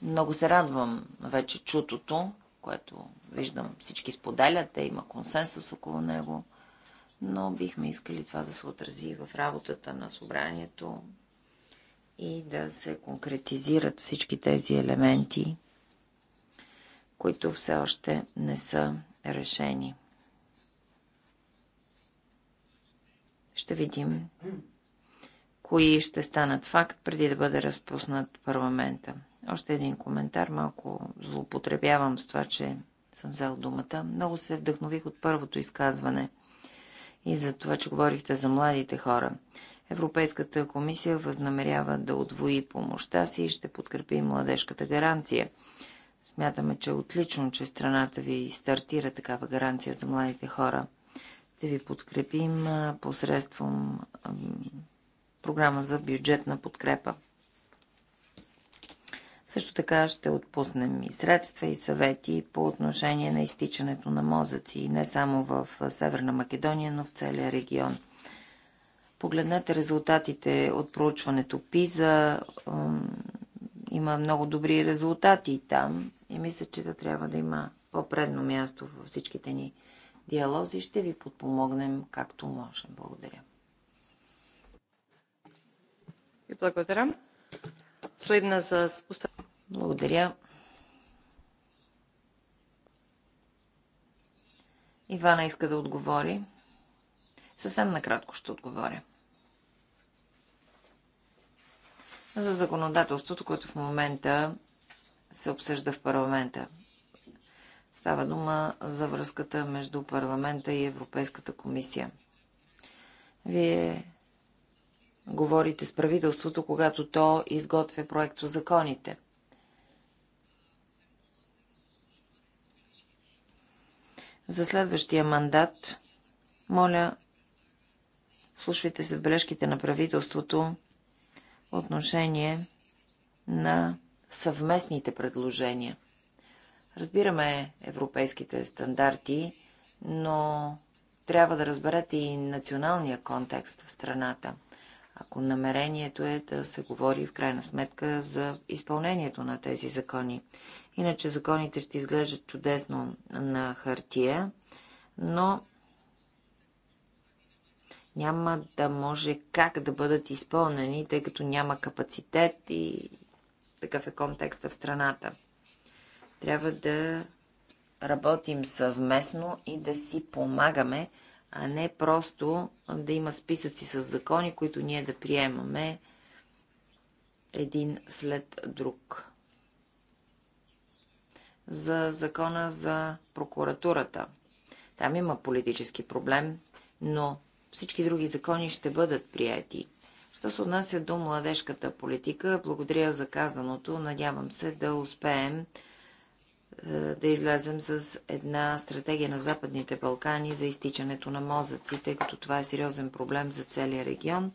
Много се радвам вече чутото, което виждам всички споделяте, има консенсус около него – но бихме искали това да се отрази в работата на събранието и да се конкретизират всички тези елементи, които все още не са решени. Ще видим кои ще станат факт преди да бъде разпуснат парламента. Още един коментар. Малко злоупотребявам с това, че съм взел думата. Много се вдъхнових от първото изказване и за това, че говорихте за младите хора. Европейската комисия възнамерява да отвои помощта си и ще подкрепи младежката гаранция. Смятаме, че е отлично, че страната ви стартира такава гаранция за младите хора. Ще ви подкрепим посредством програма за бюджетна подкрепа. Също така ще отпуснем и средства и съвети по отношение на изтичането на мозъци, не само в Северна Македония, но в целия регион. Погледнете резултатите от проучването ПИЗА. Има много добри резултати там и мисля, че да трябва да има по-предно място във всичките ни диалози. Ще ви подпомогнем както можем. Благодаря. И благодаря. Следна с... Благодаря. Ивана иска да отговори. Съвсем накратко ще отговоря. За законодателството, което в момента се обсъжда в парламента. Става дума за връзката между парламента и Европейската комисия. Вие говорите с правителството, когато то изготвя проекто законите. За следващия мандат, моля, слушайте се бележките на правителството отношение на съвместните предложения. Разбираме европейските стандарти, но трябва да разберете и националния контекст в страната – ако намерението е да се говори в крайна сметка за изпълнението на тези закони. Иначе законите ще изглеждат чудесно на хартия, но няма да може как да бъдат изпълнени, тъй като няма капацитет и такъв е контекста в страната. Трябва да работим съвместно и да си помагаме, а не просто да има списъци с закони, които ние да приемаме един след друг. За закона за прокуратурата. Там има политически проблем, но всички други закони ще бъдат прияти. Що се отнася до младежката политика, благодаря за казаното. Надявам се да успеем е, да излезем с една стратегия на Западните Балкани за изтичането на мозъци, тъй като това е сериозен проблем за целия регион.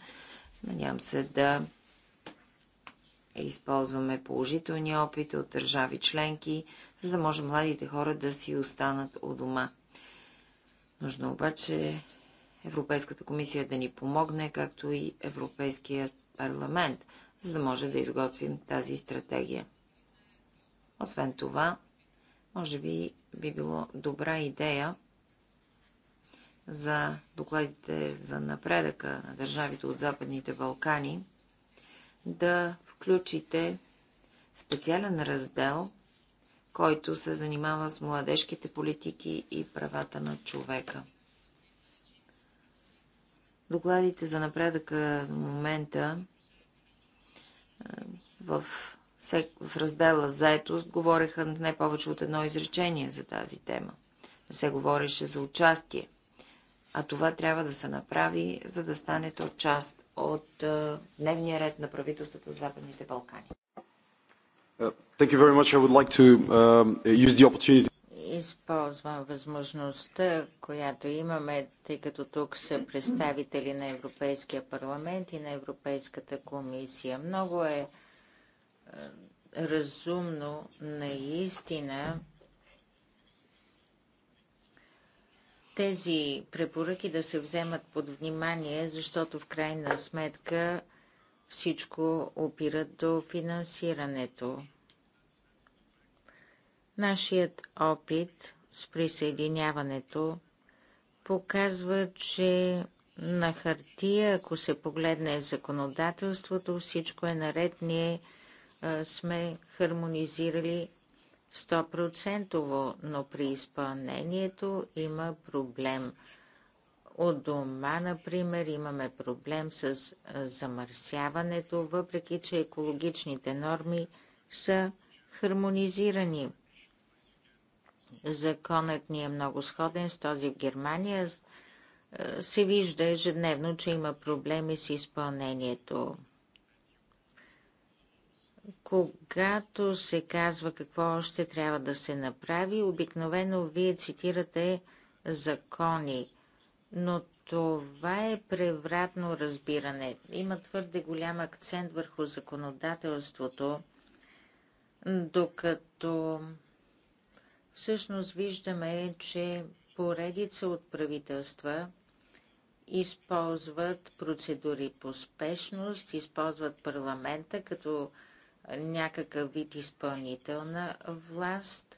Надявам се да използваме положителни опити от държави членки, за да може младите хора да си останат у дома. Нужно обаче Европейската комисия да ни помогне, както и Европейският парламент, за да може да изготвим тази стратегия. Освен това, може би би било добра идея за докладите за напредъка на държавите от Западните Балкани да включите специален раздел, който се занимава с младежките политики и правата на човека. Докладите за напредъка в момента в в раздела заетост говореха не повече от едно изречение за тази тема. Не се говореше за участие. А това трябва да се направи, за да станете то част от uh, дневния ред на правителствата за Западните Балкани. Uh, like uh, Използвам възможността, която имаме, тъй като тук са представители на Европейския парламент и на Европейската комисия. Много е разумно наистина тези препоръки да се вземат под внимание, защото в крайна сметка всичко опира до финансирането. Нашият опит с присъединяването показва, че на хартия, ако се погледне законодателството, всичко е наред. Ние сме хармонизирали 100%, но при изпълнението има проблем. От дома, например, имаме проблем с замърсяването, въпреки че екологичните норми са хармонизирани. Законът ни е много сходен с този в Германия. Се вижда ежедневно, че има проблеми с изпълнението. Когато се казва какво още трябва да се направи, обикновено вие цитирате закони, но това е превратно разбиране. Има твърде голям акцент върху законодателството, докато всъщност виждаме, че поредица от правителства използват процедури по спешност, използват парламента като някакъв вид изпълнителна власт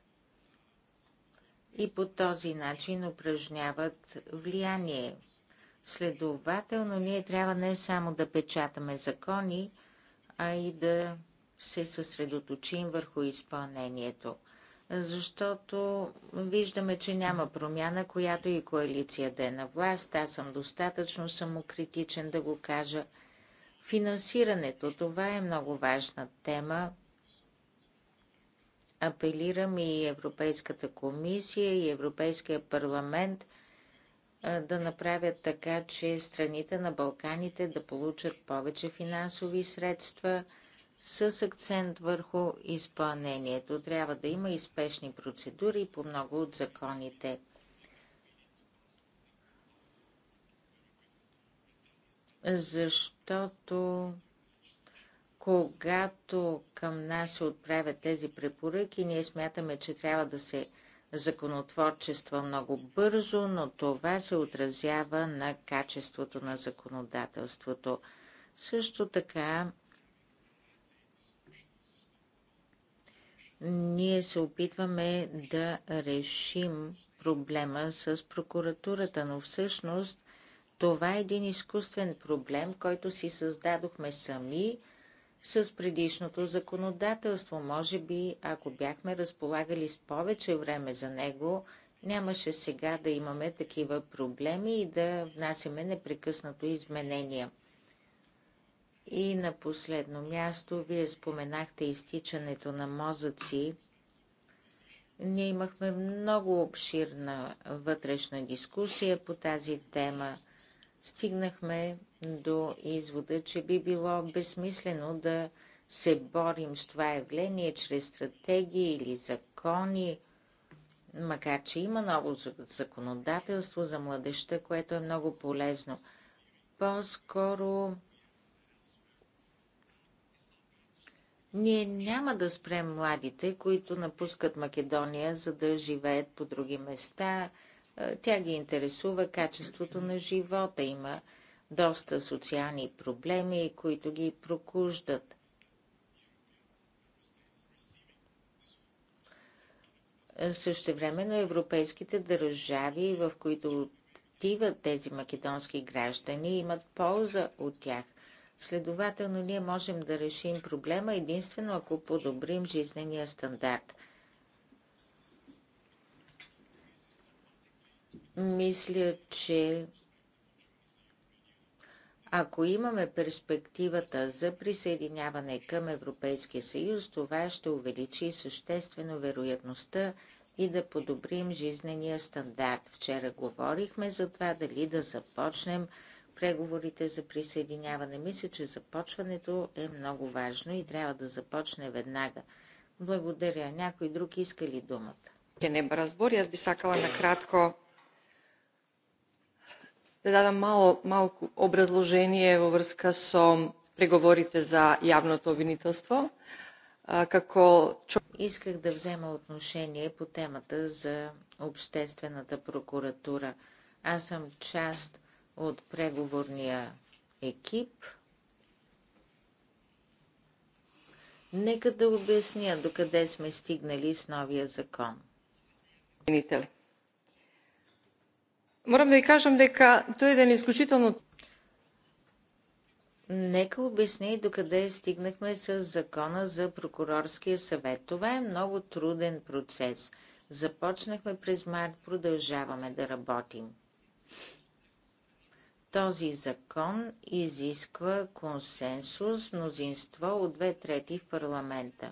и по този начин упражняват влияние. Следователно, ние трябва не само да печатаме закони, а и да се съсредоточим върху изпълнението. Защото виждаме, че няма промяна, която и коалиция да е на власт. Аз съм достатъчно самокритичен да го кажа – Финансирането, това е много важна тема. Апелирам и Европейската комисия, и Европейския парламент да направят така, че страните на Балканите да получат повече финансови средства с акцент върху изпълнението. Трябва да има и спешни процедури по много от законите. защото когато към нас се отправят тези препоръки, ние смятаме, че трябва да се законотворчества много бързо, но това се отразява на качеството на законодателството. Също така, ние се опитваме да решим проблема с прокуратурата, но всъщност това е един изкуствен проблем, който си създадохме сами с предишното законодателство. Може би, ако бяхме разполагали с повече време за него, нямаше сега да имаме такива проблеми и да внасяме непрекъснато изменения. И на последно място, вие споменахте изтичането на мозъци. Ние имахме много обширна вътрешна дискусия по тази тема стигнахме до извода, че би било безсмислено да се борим с това явление чрез стратегии или закони, макар че има ново законодателство за младеща, което е много полезно. По-скоро ние няма да спрем младите, които напускат Македония, за да живеят по други места – е, тя ги интересува качеството на живота. Има доста социални проблеми, които ги прокуждат. Също е, Същевременно европейските държави, в които отиват тези македонски граждани, имат полза от тях. Следователно, ние можем да решим проблема единствено ако подобрим жизнения стандарт – Мисля, че ако имаме перспективата за присъединяване към Европейския съюз, това ще увеличи съществено вероятността и да подобрим жизнения стандарт. Вчера говорихме за това дали да започнем преговорите за присъединяване. Мисля, че започването е много важно и трябва да започне веднага. Благодаря. Някой друг иска ли думата? Не разбори, аз би сакала накратко да дадам мало, malo образложение во vrska со преговорите за явното обвинителство. Како... Исках да взема отношение по темата за Обществената прокуратура. Аз съм част от преговорния екип. Нека да обясня докъде сме стигнали с новия закон. Обвинители. Морам да ви кажам дека тој je е jedan изключително. Нека обясни докъде стигнахме с закона за прокурорския съвет. Това е много труден процес. Започнахме през март, продължаваме да работим. Този закон изисква консенсус, мнозинство от две трети в парламента.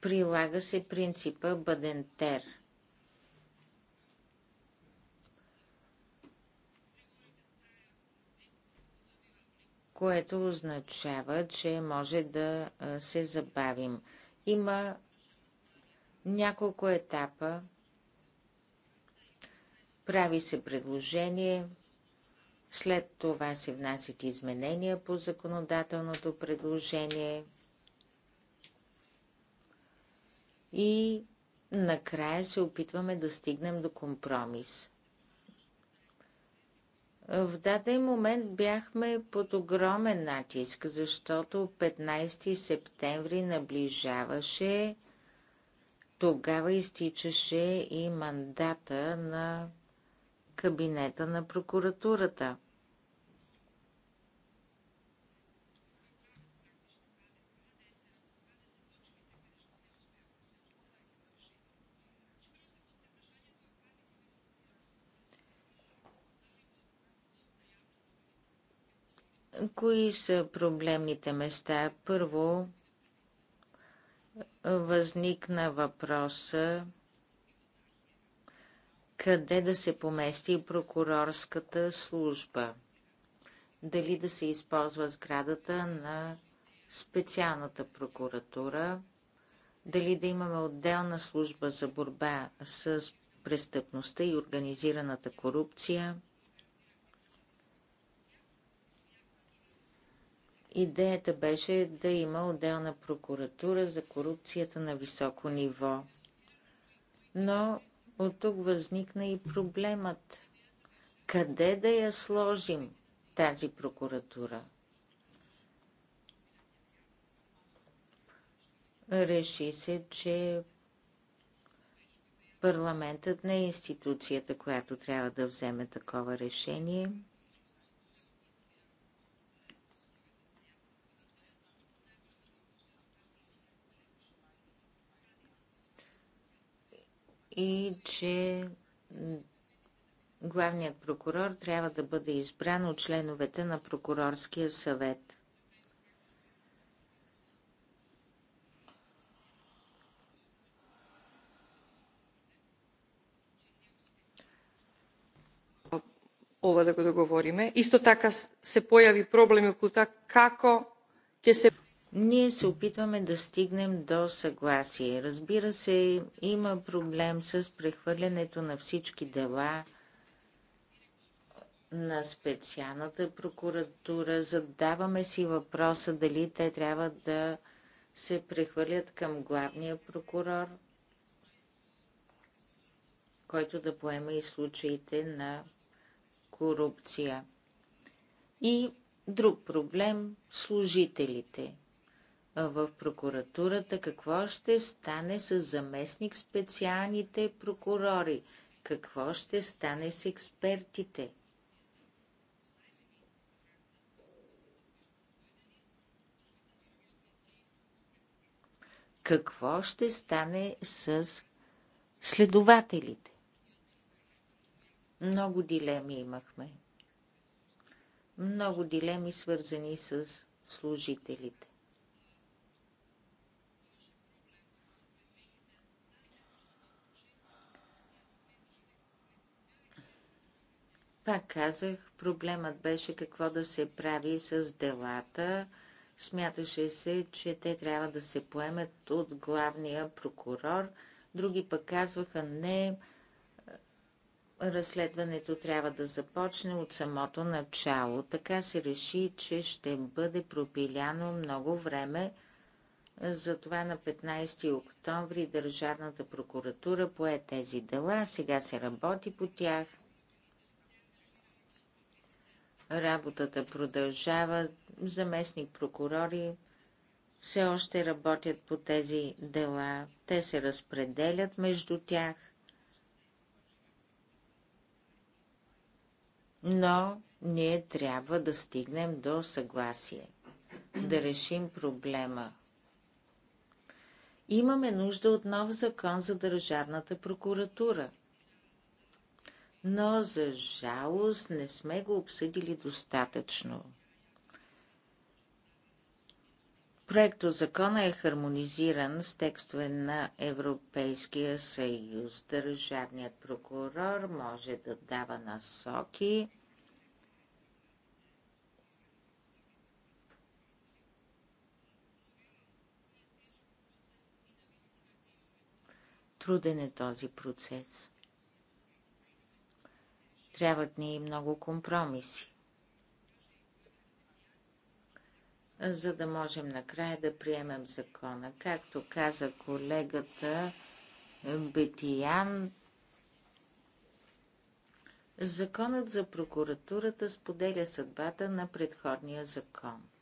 Прилага се принципа Бадентер – което означава, че може да се забавим. Има няколко етапа. Прави се предложение, след това се внасят изменения по законодателното предложение и накрая се опитваме да стигнем до компромис. В даден момент бяхме под огромен натиск, защото 15 септември наближаваше, тогава изтичаше и мандата на кабинета на прокуратурата. Кои са проблемните места? Първо възникна въпроса къде да се помести прокурорската служба. Дали да се използва сградата на специалната прокуратура, дали да имаме отделна служба за борба с престъпността и организираната корупция – Идеята беше да има отделна прокуратура за корупцията на високо ниво. Но от тук възникна и проблемът. Къде да я сложим тази прокуратура? Реши се, че парламентът не е институцията, която трябва да вземе такова решение – и че главният прокурор трябва да бъде избран от членовете на прокурорския съвет. Ова да го договориме. Исто така се појави проблеми околу така како ќе се ние се опитваме да стигнем до съгласие. Разбира се, има проблем с прехвърлянето на всички дела на специалната прокуратура. Задаваме си въпроса дали те трябва да се прехвърлят към главния прокурор, който да поема и случаите на корупция. И друг проблем – служителите – в прокуратурата, какво ще стане с заместник специалните прокурори, какво ще стане с експертите. Какво ще стане с следователите? Много дилеми имахме. Много дилеми свързани с служителите. Пак казах, проблемът беше какво да се прави с делата. Смяташе се, че те трябва да се поемат от главния прокурор. Други пък казваха не, разследването трябва да започне от самото начало. Така се реши, че ще бъде пропиляно много време. Затова на 15 октомври Държавната прокуратура пое тези дела, сега се работи по тях – Работата продължава. Заместник прокурори все още работят по тези дела. Те се разпределят между тях. Но ние трябва да стигнем до съгласие, да решим проблема. Имаме нужда от нов закон за Държавната прокуратура – но за жалост не сме го обсъдили достатъчно. Проекто закона е хармонизиран с текстове на Европейския съюз. Държавният прокурор може да дава насоки Труден е този процес. Трябват ни и много компромиси, за да можем накрая да приемем закона. Както каза колегата Бетиян, Законът за прокуратурата споделя съдбата на предходния закон –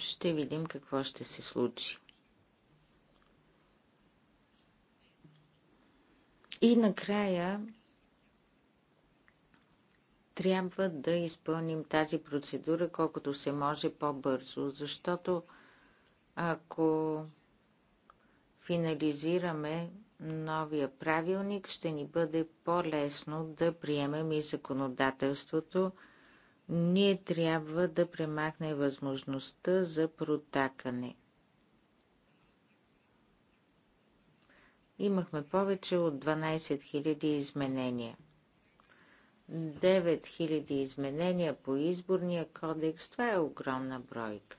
ще видим какво ще се случи. И накрая трябва да изпълним тази процедура колкото се може по-бързо, защото ако финализираме новия правилник, ще ни бъде по-лесно да приемем и законодателството, ние трябва да премахне възможността за протакане. Имахме повече от 12 000 изменения. 9 000 изменения по изборния кодекс, това е огромна бройка.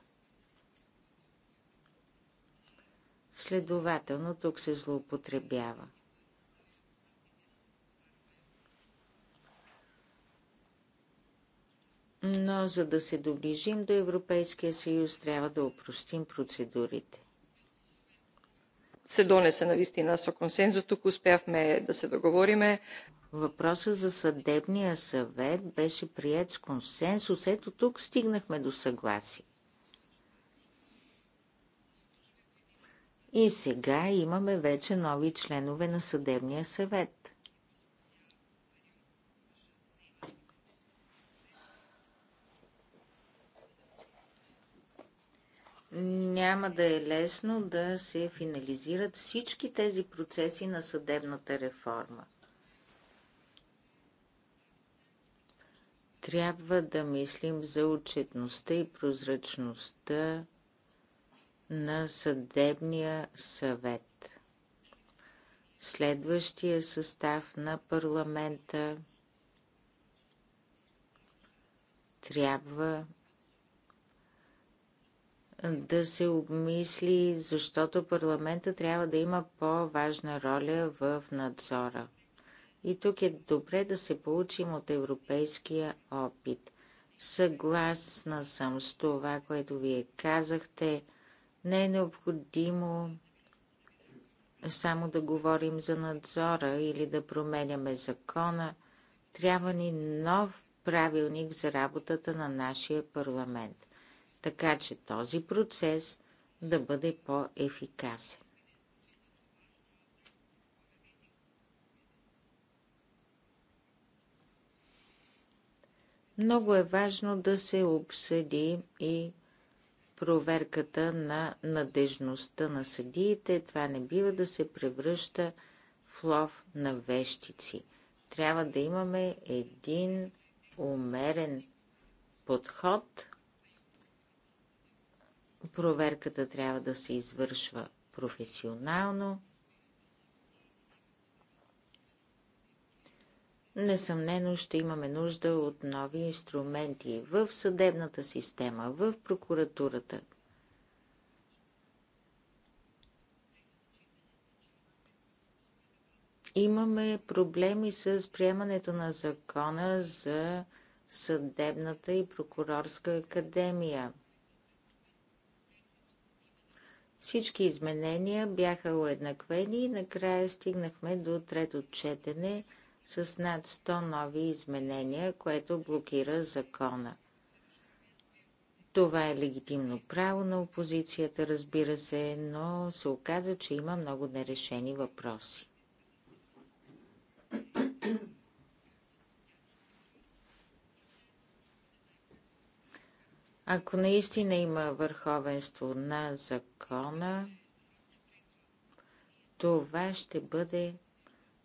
Следователно тук се злоупотребява. но за да се доближим до Европейския съюз, трябва да упростим процедурите. Се донесе наистина со консензус, тук успяхме да се договориме. Въпросът за съдебния съвет беше прият с консенсус. Ето тук стигнахме до съгласие. И сега имаме вече нови членове на съдебния съвет – няма да е лесно да се финализират всички тези процеси на съдебната реформа. Трябва да мислим за отчетността и прозрачността на съдебния съвет. Следващия състав на парламента трябва да се обмисли, защото парламента трябва да има по-важна роля в надзора. И тук е добре да се получим от европейския опит. Съгласна съм с това, което вие казахте. Не е необходимо само да говорим за надзора или да променяме закона. Трябва ни нов правилник за работата на нашия парламент така че този процес да бъде по-ефикасен. Много е важно да се обсъди и проверката на надежността на съдиите. Това не бива да се превръща в лов на вещици. Трябва да имаме един умерен подход, Проверката трябва да се извършва професионално. Несъмнено ще имаме нужда от нови инструменти в съдебната система, в прокуратурата. Имаме проблеми с приемането на закона за съдебната и прокурорска академия – всички изменения бяха уеднаквени и накрая стигнахме до трето четене с над 100 нови изменения, което блокира закона. Това е легитимно право на опозицията, разбира се, но се оказа, че има много нерешени въпроси. Ако наистина има върховенство на закона, това ще бъде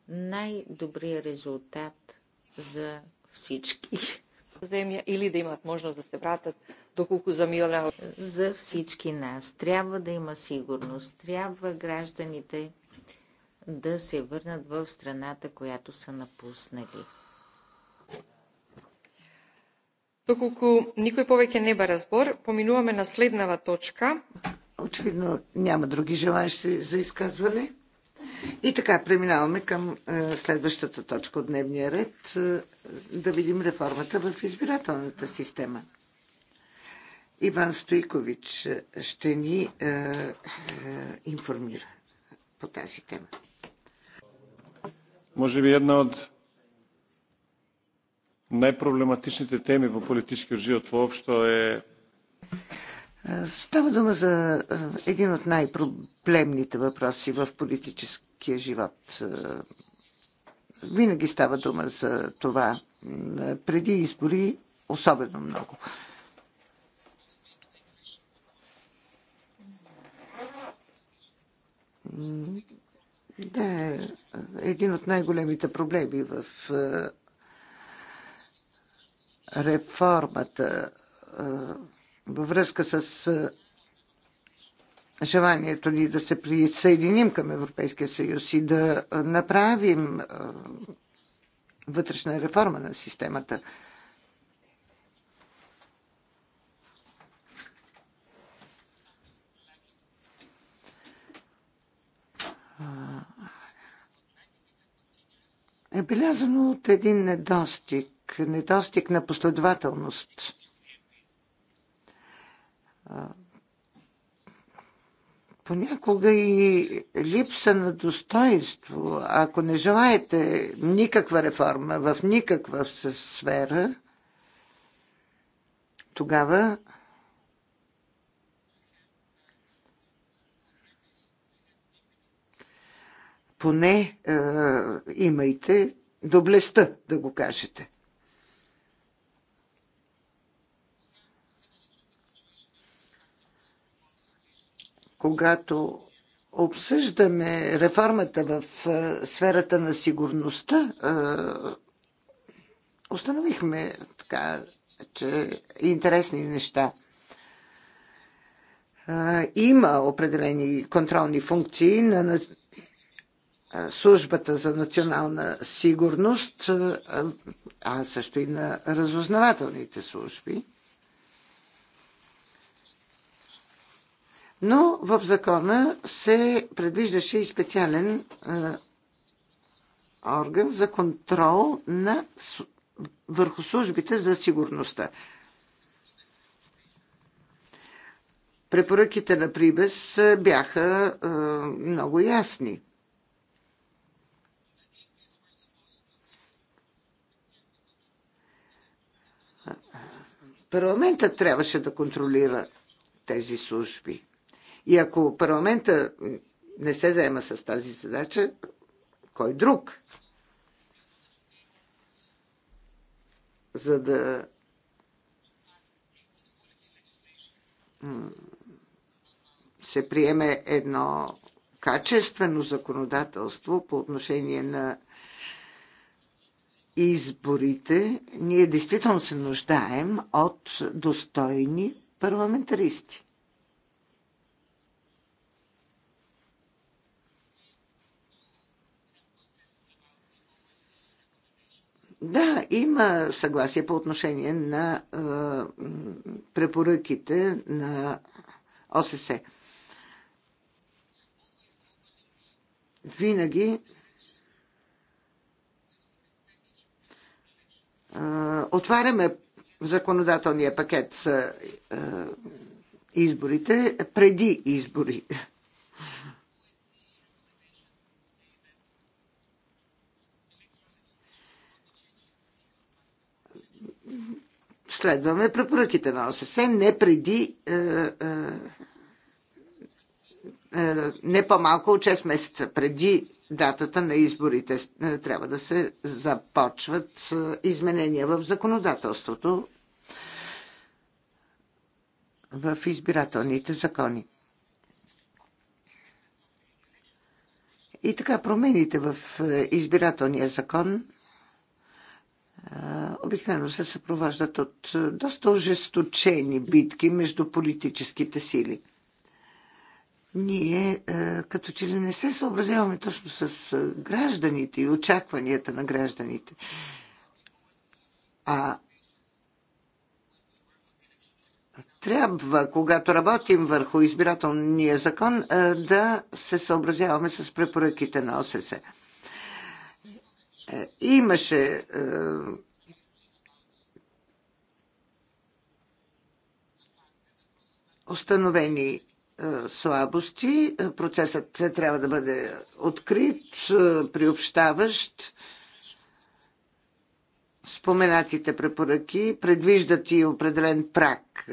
най-добрият резултат за всички. Земя или да имат можност да се вратят доколко за мила. За всички нас. Трябва да има сигурност. Трябва гражданите да се върнат в страната, която са напуснали. Доколку никой повеќе не бара збор, поминуваме на следнава точка. Очевидно няма други желаящи за изказване. И така, преминаваме към е, следващата точка от дневния ред, е, да видим реформата в избирателната система. Иван Стоикович е, ще ни е, е, информира по тази тема. Може би една от най-проблематичните теми по политическия живот въобще е Става дума за е, един от най-проблемните въпроси в политическия живот. Е, винаги става дума за това. Е, преди избори особено много. Да, един от най-големите проблеми в реформата във връзка с желанието ни да се присъединим към Европейския съюз и да направим вътрешна реформа на системата. е белязано от един недостиг недостиг на последователност. Понякога и липса на достоинство. Ако не желаете никаква реформа в никаква сфера, тогава поне е, имайте доблестта да го кажете. когато обсъждаме реформата в е, сферата на сигурността, е, установихме така, че е интересни неща. Има определени контролни функции на службата за национална сигурност, а също и на разузнавателните служби – Но в закона се предвиждаше и специален орган за контрол на, върху службите за сигурността. Препоръките на Прибес бяха е, много ясни. Парламентът трябваше да контролира тези служби. И ако парламента не се заема с тази задача, кой друг? За да се приеме едно качествено законодателство по отношение на изборите, ние действително се нуждаем от достойни парламентаристи. Да, има съгласие по отношение на е, препоръките на ОСС. Винаги е, отваряме законодателния пакет с е, изборите преди избори. следваме препоръките на ОССЕ, не преди е, е, е, не по-малко от 6 месеца. Преди датата на изборите е, трябва да се започват е, изменения в законодателството, в избирателните закони. И така промените в е, избирателния закон – обикновено се съпровождат от доста ожесточени битки между политическите сили. Ние като че ли не се съобразяваме точно с гражданите и очакванията на гражданите. А трябва, когато работим върху избирателния закон, да се съобразяваме с препоръките на ОССЕ. Е, имаше е, установени е, слабости. Процесът трябва да бъде открит, приобщаващ. Споменатите препоръки предвиждат и определен прак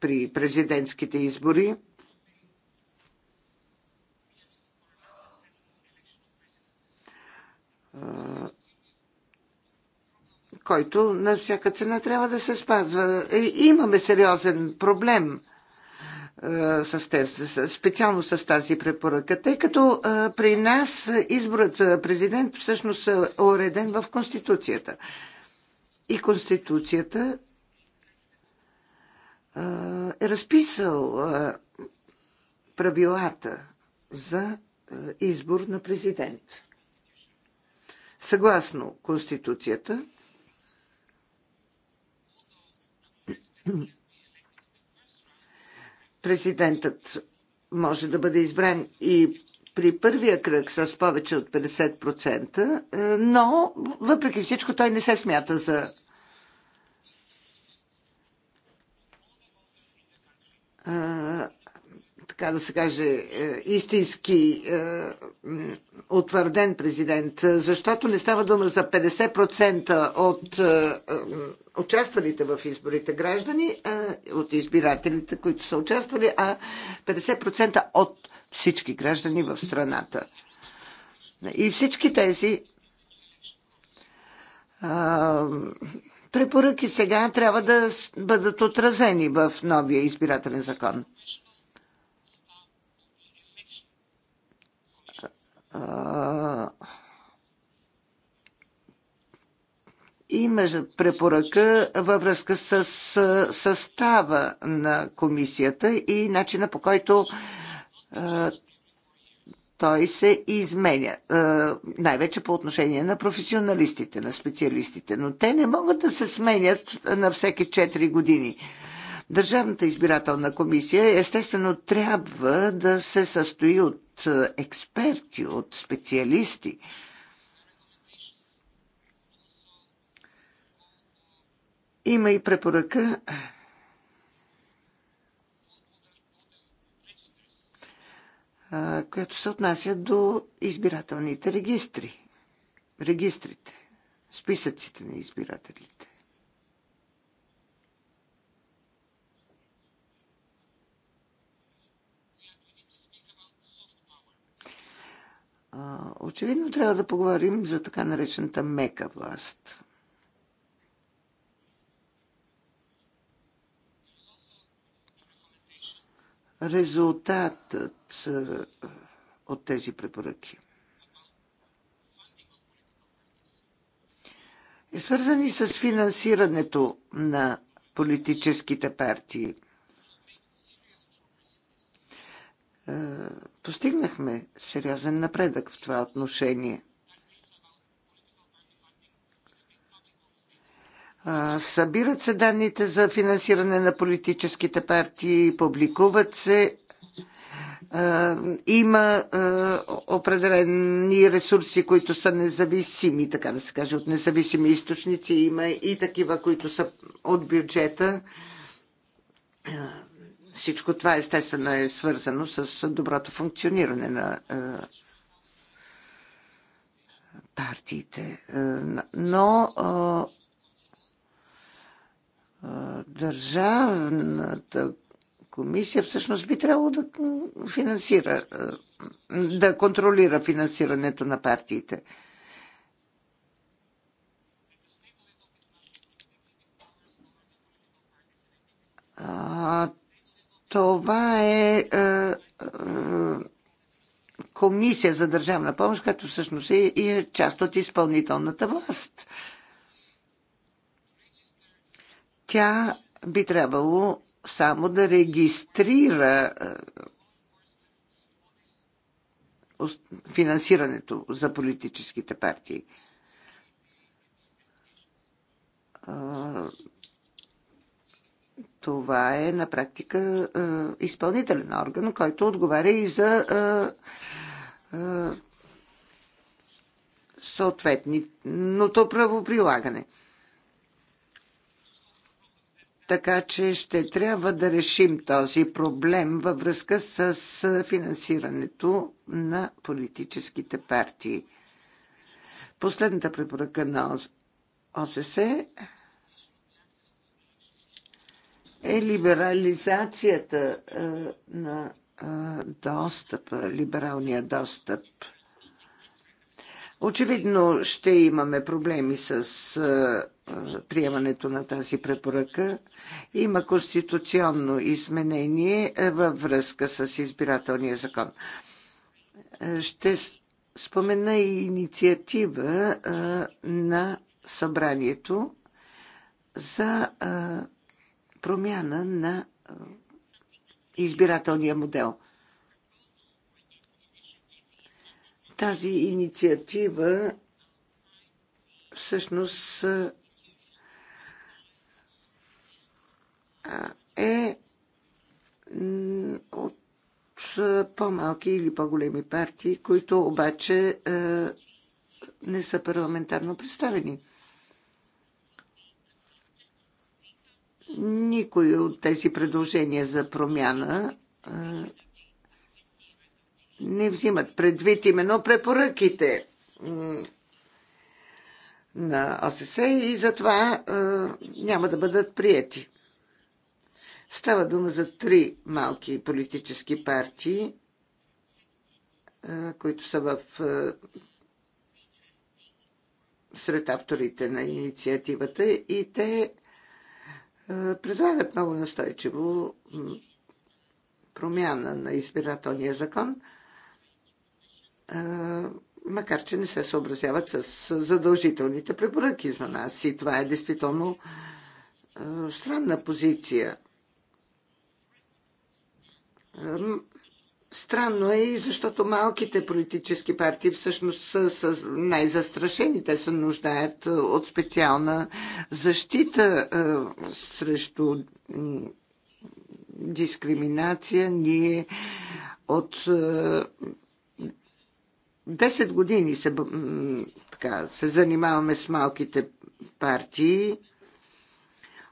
при президентските избори – който на всяка цена трябва да се спазва. Е, имаме сериозен проблем с тези, специално с тази препоръка, тъй като при нас изборът за президент всъщност е уреден в Конституцията. И Конституцията е разписал правилата за избор на президент съгласно Конституцията. Президентът може да бъде избран и при първия кръг с повече от 50%, е, но въпреки всичко той не се смята за а, така да се каже, е, истински е, утвърден президент, защото не става дума за 50% от е, участвалите в изборите граждани, от избирателите, които са участвали, а 50% от всички граждани в страната. И всички тези препоръки сега трябва да бъдат отразени в новия избирателен закон. Има препоръка във връзка с състава на комисията и начина по който той се изменя. Най-вече по отношение на професионалистите, на специалистите. Но те не могат да се сменят на всеки 4 години. Държавната избирателна комисия естествено трябва да се състои от е, експерти, от специалисти. Има и препоръка която се отнася до избирателните регистри. Регистрите, списъците на избирателите. очевидно трябва да поговорим за така наречената мека власт. Резултатът от тези препоръки е свързан и с финансирането на политическите партии Постигнахме сериозен напредък в това отношение. Събират се данните за финансиране на политическите партии, публикуват се. Има определени ресурси, които са независими, така да се каже, от независими източници. Има и такива, които са от бюджета. Всичко това естествено е свързано с доброто функциониране на е, партиите. Е, но е, държавната комисия всъщност би трябвало да финансира, да контролира финансирането на партиите. Това е, е, е комисия за държавна помощ, като всъщност е и е част от изпълнителната власт. Тя би трябвало само да регистрира финансирането за политическите партии това е на практика е, изпълнителен орган, който отговаря и за е, е, съответното правоприлагане. Така че ще трябва да решим този проблем във връзка с е, финансирането на политическите партии. Последната препоръка на ОССЕ е либерализацията е, на е, достъпа, либералния достъп. Очевидно ще имаме проблеми с е, приемането на тази препоръка. Има конституционно изменение във връзка с избирателния закон. Ще спомена и инициатива на събранието за промяна на е, избирателния модел. Тази инициатива всъщност е, е от е, по-малки или по-големи партии, които обаче не са парламентарно представени. Никой от тези предложения за промяна не взимат предвид именно препоръките на АСС и затова няма да бъдат приети. Става дума за три малки политически партии, които са в сред авторите на инициативата и те е, предлагат много настойчиво промяна на избирателния закон, е, макар че не се съобразяват с задължителните препоръки за нас. И това е действително е, странна позиция. Странно е и защото малките политически партии всъщност са, са най-застрашени. Те се нуждаят е, от специална защита а, е, срещу дискриминация. Ние от а, е, 10 години се, така, се занимаваме с малките партии.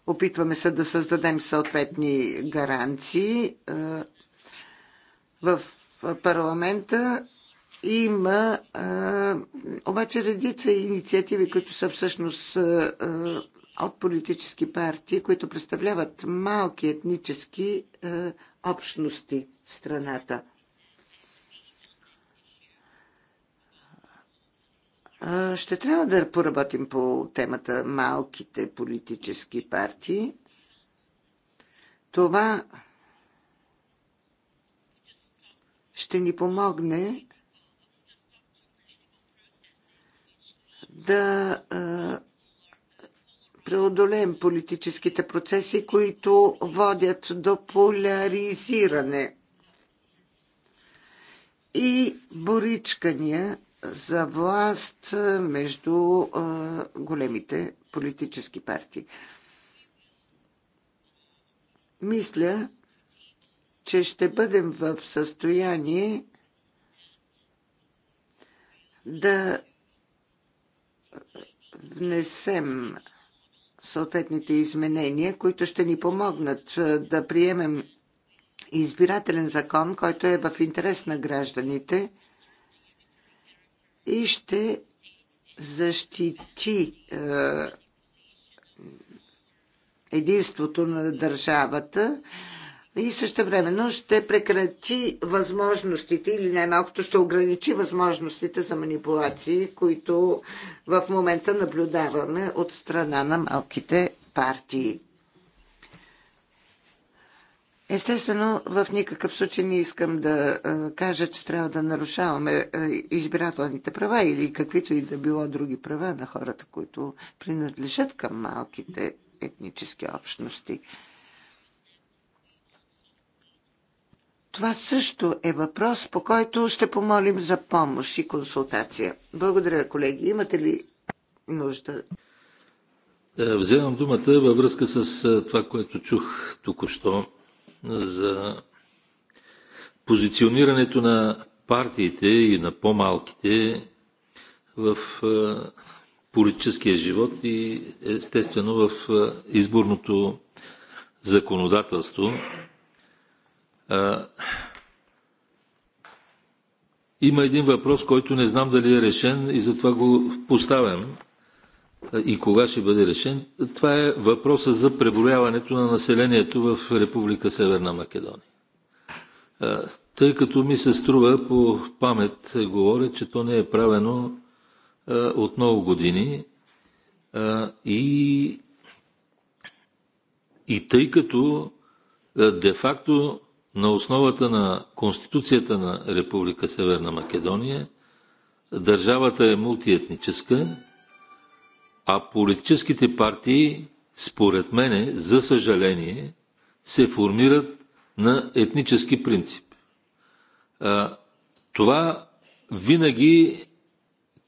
Опитваме се да създадем съответни гаранции. А, в парламента има а, обаче редица инициативи, които са всъщност а, от политически партии, които представляват малки етнически а, общности в страната. А, ще трябва да поработим по темата малките политически партии. Това ще ни помогне да преодолеем политическите процеси, които водят до поляризиране и боричкания за власт между големите политически партии. Мисля, че ще бъдем в състояние да внесем съответните изменения, които ще ни помогнат е, да приемем избирателен закон, който е в интерес на гражданите и ще защити е, единството на държавата и също времено ще прекрати възможностите или най-малкото ще ограничи възможностите за манипулации, които в момента наблюдаваме от страна на малките партии. Естествено, в никакъв случай не искам да кажа, че трябва да нарушаваме избирателните права или каквито и да било други права на хората, които принадлежат към малките етнически общности. Това също е въпрос, по който ще помолим за помощ и консултация. Благодаря, колеги. Имате ли нужда? Е, вземам думата във връзка с е, това, което чух току-що е, за позиционирането на партиите и на по-малките в политическия живот и естествено в изборното законодателство. Има един въпрос, който не знам дали е решен и затова го поставям и кога ще бъде решен. Това е въпроса за преброяването на населението в Република Северна Македония. Тъй като ми се струва по памет, говоря, че то не е правено от много години и, и тъй като де-факто на основата на Конституцията на Република Северна Македония държавата е мултиетническа, а политическите партии, според мене, за съжаление, се формират на етнически принцип. Това винаги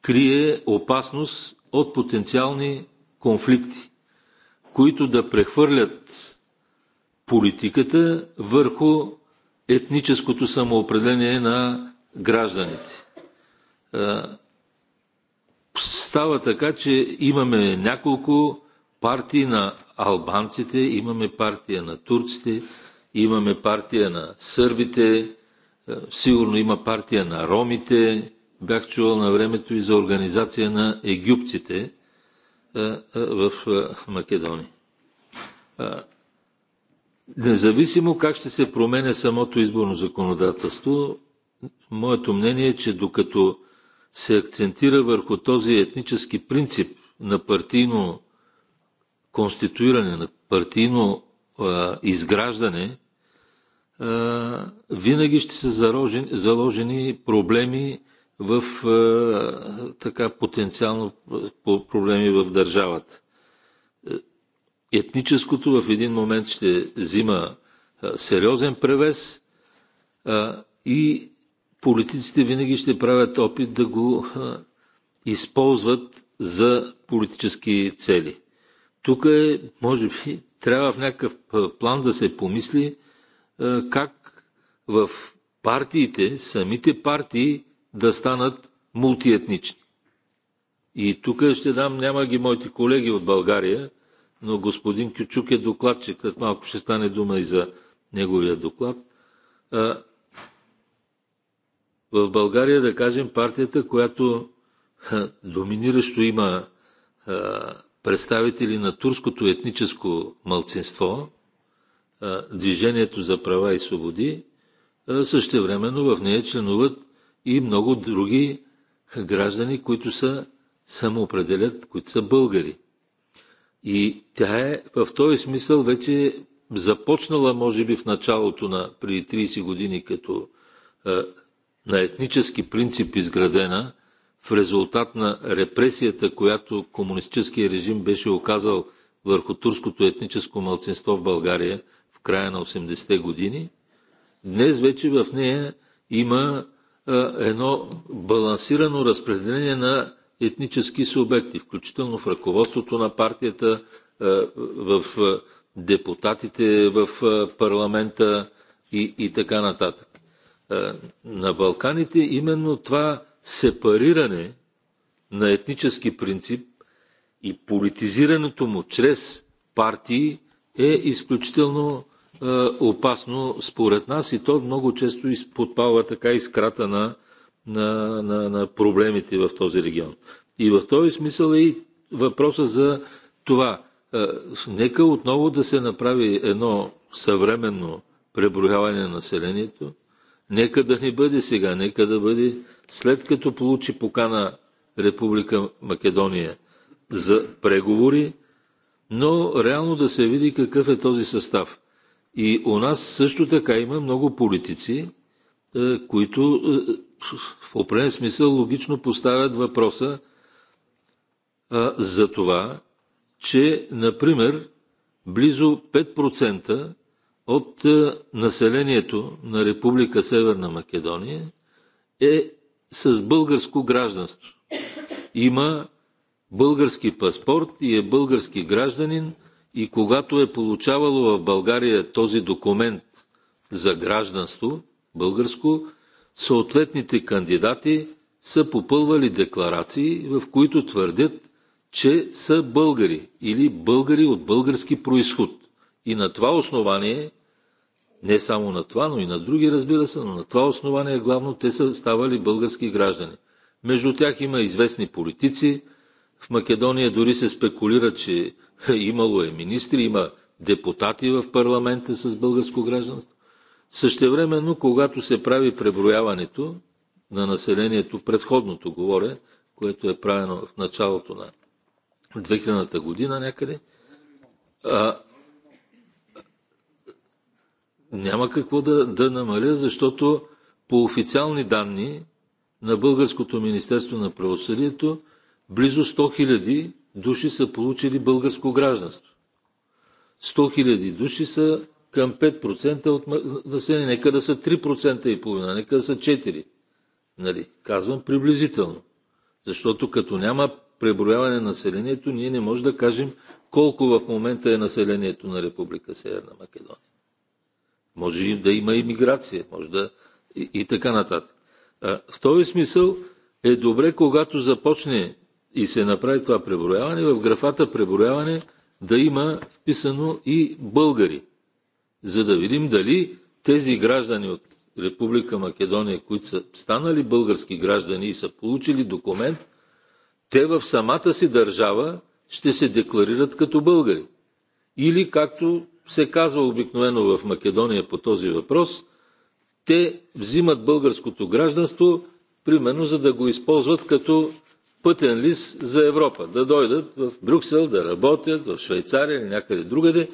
крие опасност от потенциални конфликти, които да прехвърлят политиката върху етническото самоопределение на гражданите. Става така, че имаме няколко партии на албанците, имаме партия на турците, имаме партия на сърбите, сигурно има партия на ромите, бях чувал на времето и за организация на египците в Македония. Независимо как ще се променя самото изборно законодателство, моето мнение е, че докато се акцентира върху този етнически принцип на партийно конституиране, на партийно а, изграждане, а, винаги ще са заложени, заложени проблеми в а, така потенциално проблеми в държавата етническото в един момент ще взима сериозен превес и политиците винаги ще правят опит да го използват за политически цели. Тук е, може би, трябва в някакъв план да се помисли как в партиите, самите партии да станат мултиетнични. И тук ще дам, няма ги моите колеги от България, но господин Кючук е докладчик. След малко ще стане дума и за неговия доклад. В България, да кажем, партията, която доминиращо има представители на турското етническо мълцинство, Движението за права и свободи, същевременно в нея членуват и много други граждани, които са самоопределят, които са българи. И тя е в този смисъл вече започнала, може би, в началото на преди 30 години като е, на етнически принцип изградена, в резултат на репресията, която комунистическия режим беше оказал върху турското етническо мълцинство в България в края на 80-те години, днес вече в нея има е, едно балансирано разпределение на етнически субекти, включително в ръководството на партията, е, в е, депутатите в е, парламента и, и така нататък. На Балканите именно това сепариране на етнически принцип и политизирането му чрез партии е изключително опасно според нас и то много често изподпалва така искрата на на, на, на проблемите в този регион. И в този смисъл е и въпроса за това. Е, нека отново да се направи едно съвременно преброяване на населението. Нека да не бъде сега, нека да бъде след като получи покана Република Македония за преговори, но реално да се види какъв е този състав. И у нас също така има много политици, е, които е, в определен смисъл логично поставят въпроса а, за това, че, например, близо 5% от а, населението на Република Северна Македония е с българско гражданство. Има български паспорт и е български гражданин и когато е получавало в България този документ за гражданство, българско, съответните кандидати са попълвали декларации, в които твърдят, че са българи или българи от български происход. И на това основание, не само на това, но и на други, разбира се, но на това основание главно те са ставали български граждани. Между тях има известни политици. В Македония дори се спекулира, че имало е министри, има депутати в парламента с българско гражданство. Същевременно, когато се прави преброяването на населението, предходното говоря, което е правено в началото на 2000-та година някъде, а, няма какво да, да намаля, защото по официални данни на Българското Министерство на правосъдието близо 100 000 души са получили българско гражданство. 100 000 души са към 5% от население. Нека да са 3% и половина, нека да са 4%. Нали? Казвам приблизително. Защото като няма преброяване на населението, ние не можем да кажем колко в момента е населението на Република Северна Македония. Може и да има иммиграция, може да и, и така нататък. А, в този смисъл е добре, когато започне и се направи това преброяване, в графата преброяване да има вписано и българи за да видим дали тези граждани от Република Македония, които са станали български граждани и са получили документ, те в самата си държава ще се декларират като българи. Или, както се казва обикновено в Македония по този въпрос, те взимат българското гражданство, примерно за да го използват като пътен лист за Европа. Да дойдат в Брюксел, да работят в Швейцария или някъде другаде,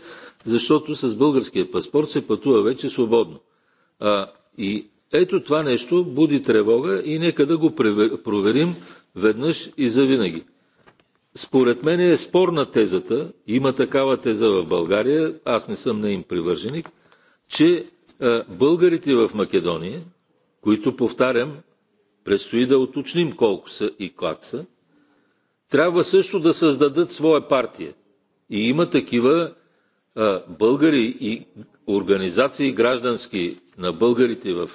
защото с българския паспорт се пътува вече свободно. А, и ето това нещо буди тревога и нека да го проверим веднъж и завинаги. Според мен е спорна тезата, има такава теза в България, аз не съм неим привърженик, че а, българите в Македония, които, повтарям, предстои да уточним колко са и как са, трябва също да създадат своя партия. И има такива българи и организации граждански на българите в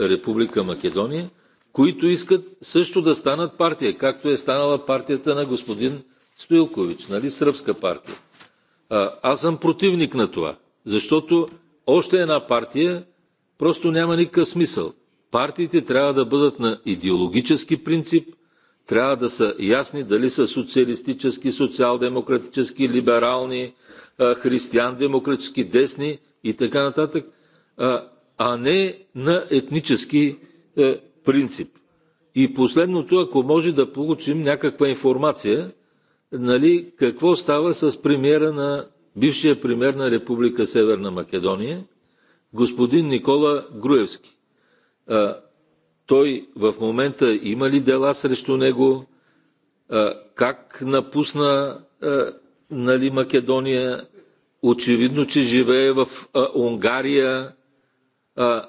Република Македония, които искат също да станат партия, както е станала партията на господин Стоилкович, нали, сръбска партия. А, аз съм противник на това, защото още една партия просто няма никакъв смисъл. Партиите трябва да бъдат на идеологически принцип, трябва да са ясни дали са социалистически, социал-демократически, либерални, християн-демократически, десни и така нататък, а не на етнически е, принцип. И последното, ако може да получим някаква информация, нали, какво става с премиера на бившия премьер на Република Северна Македония, господин Никола Груевски. той в момента има ли дела срещу него? как напусна нали, Македония, очевидно, че живее в а, Унгария. А,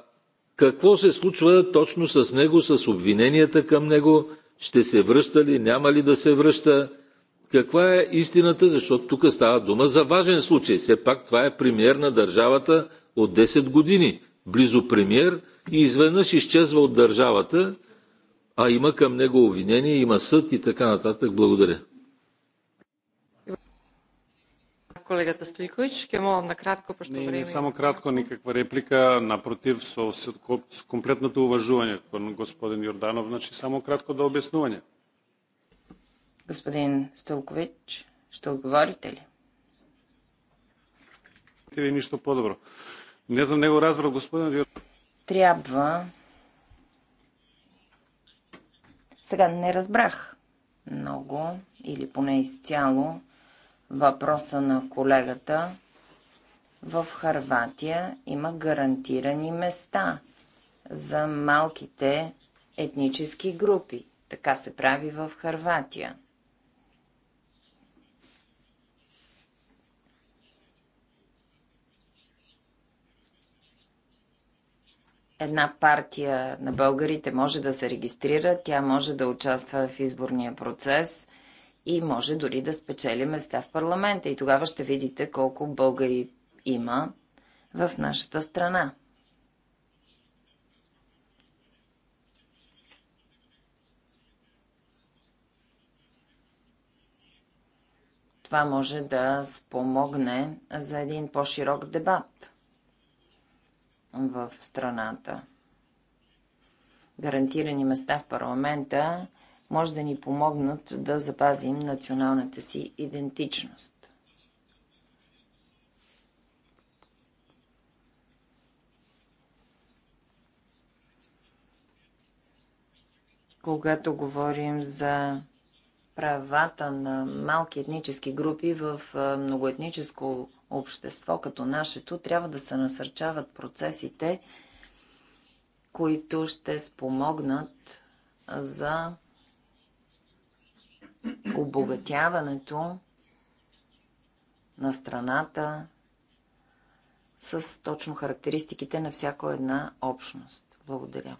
какво се случва точно с него, с обвиненията към него? Ще се връща ли, няма ли да се връща? Каква е истината, защото тук става дума за важен случай. Все пак това е премьер на държавата от 10 години, близо премьер и изведнъж изчезва от държавата, а има към него обвинение, има съд и така нататък. Благодаря. колегата Стойкович, ще молам накратко, пощо време... Не, не само кратко, никаква реплика, напротив, со, со комплетното уважување кон господин Јорданов, значи само кратко да објаснување. Господин Стојковиќ, ще отговорите ли? Ви нищо по-добро. Не знам, него го разбрав, господин Йорданов. Трябва... Сега не разбрах много или поне изцяло въпроса на колегата, в Харватия има гарантирани места за малките етнически групи. Така се прави в Харватия. една партия на българите може да се регистрира, тя може да участва в изборния процес, и може дори да спечели места в парламента. И тогава ще видите колко българи има в нашата страна. Това може да спомогне за един по-широк дебат в страната. Гарантирани места в парламента може да ни помогнат да запазим националната си идентичност. Когато говорим за правата на малки етнически групи в многоетническо общество като нашето, трябва да се насърчават процесите, които ще спомогнат за обогатяването на страната с точно характеристиките на всяко една общност. Благодаря.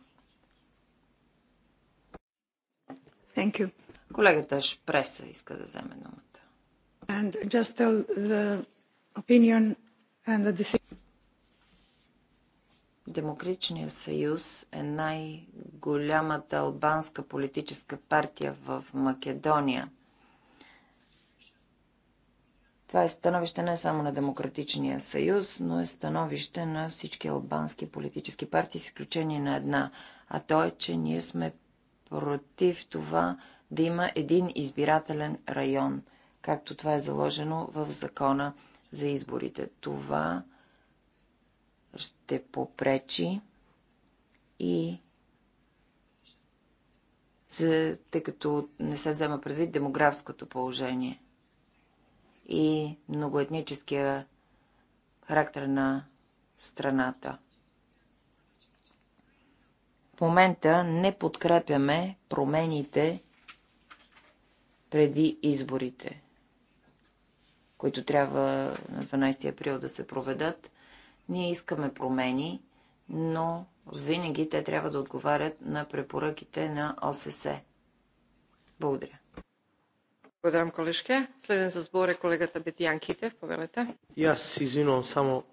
Thank you. Колегата Шпреса иска да вземе думата. And just the opinion and the decision. Демократичният съюз е най-голямата албанска политическа партия в Македония. Това е становище не само на Демократичния съюз, но е становище на всички албански политически партии, с изключение на една. А то е, че ние сме против това да има един избирателен район, както това е заложено в закона за изборите. Това ще попречи и за, тъй като не се взема предвид демографското положение и многоетническия характер на страната. В момента не подкрепяме промените преди изборите, които трябва на 12 април да се проведат – ние искаме промени, но винаги те трябва да отговарят на препоръките на ОССЕ. Благодаря. Благодарам, колежке. Следен за сбор е колегата Бетиян Китев. Повелете. И аз извинувам само...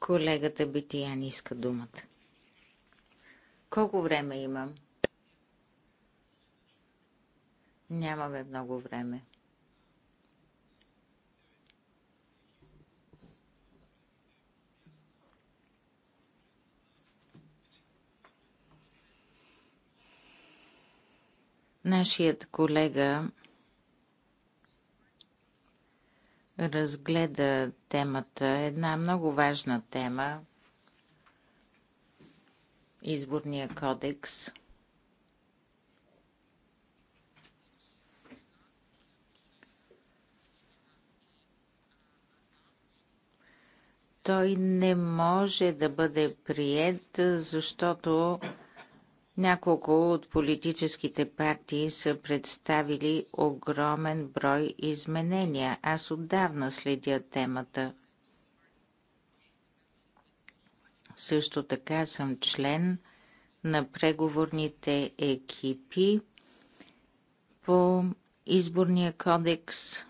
Колегата Бетиян иска думата. Колко време имам? Нямаме много време. Нашият колега разгледа темата, една много важна тема изборния кодекс. Той не може да бъде прият, защото няколко от политическите партии са представили огромен брой изменения. Аз отдавна следя темата. Също така съм член на преговорните екипи по изборния кодекс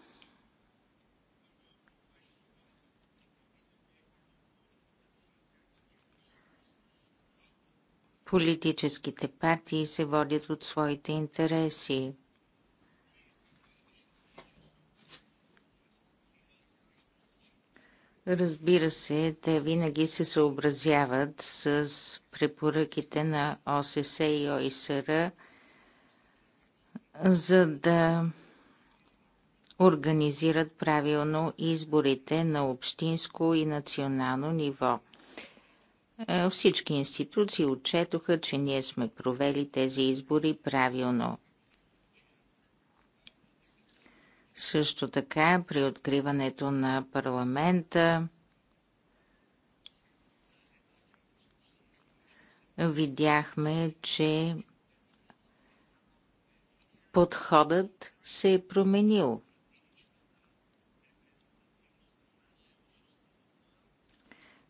Политическите партии се водят от своите интереси. Разбира се, те винаги се съобразяват с препоръките на ОСС и ОИСР, за да организират правилно изборите на общинско и национално ниво. Е, всички институции отчетоха, че ние сме провели тези избори правилно. Също така при откриването на парламента видяхме, че подходът се е променил.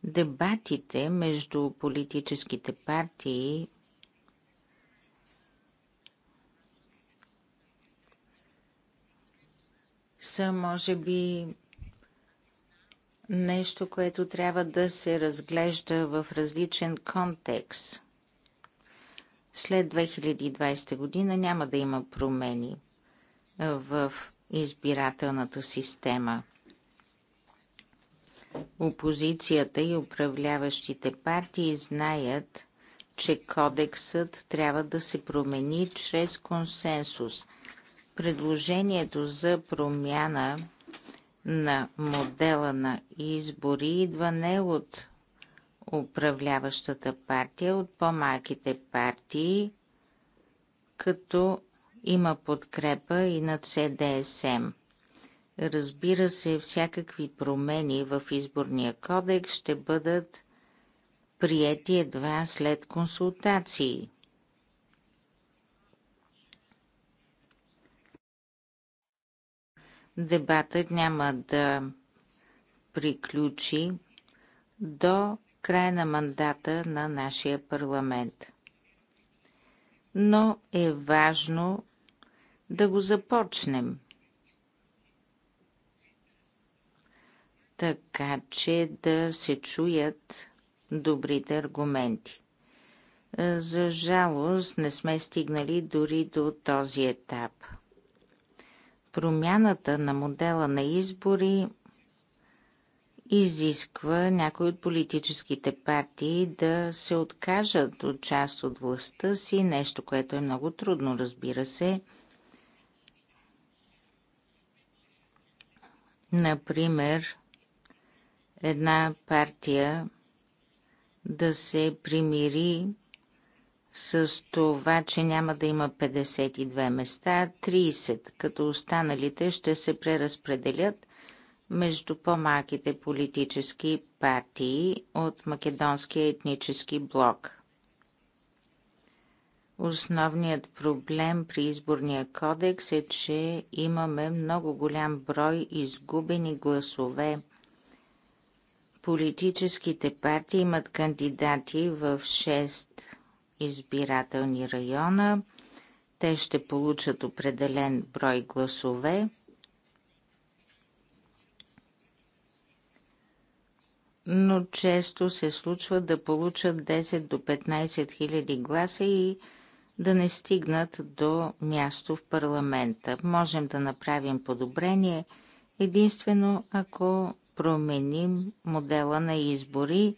Дебатите между политическите партии са, може би, нещо, което трябва да се разглежда в различен контекст. След 2020 година няма да има промени в избирателната система – Опозицията и управляващите партии знаят, че кодексът трябва да се промени чрез консенсус. Предложението за промяна на модела на избори идва не от управляващата партия, от по-малките партии, като има подкрепа и на ЦДСМ. Разбира се, всякакви промени в изборния кодекс ще бъдат приети едва след консултации. Дебатът няма да приключи до края на мандата на нашия парламент. Но е важно да го започнем – така че да се чуят добрите аргументи. За жалост не сме стигнали дори до този етап. Промяната на модела на избори изисква някои от политическите партии да се откажат от част от властта си, нещо, което е много трудно, разбира се. Например, една партия да се примири с това, че няма да има 52 места, 30, като останалите ще се преразпределят между по-малките политически партии от македонския етнически блок. Основният проблем при изборния кодекс е, че имаме много голям брой изгубени гласове – Политическите партии имат кандидати в 6 избирателни района. Те ще получат определен брой гласове. но често се случва да получат 10 до 15 хиляди гласа и да не стигнат до място в парламента. Можем да направим подобрение единствено ако променим модела на избори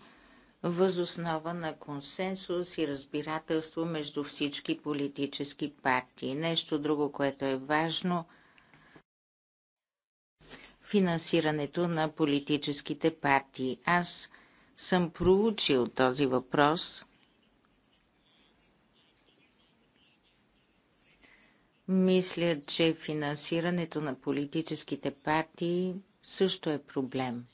възоснова на консенсус и разбирателство между всички политически партии. Нещо друго, което е важно финансирането на политическите партии. Аз съм проучил този въпрос. Мисля, че финансирането на политическите партии също е проблем.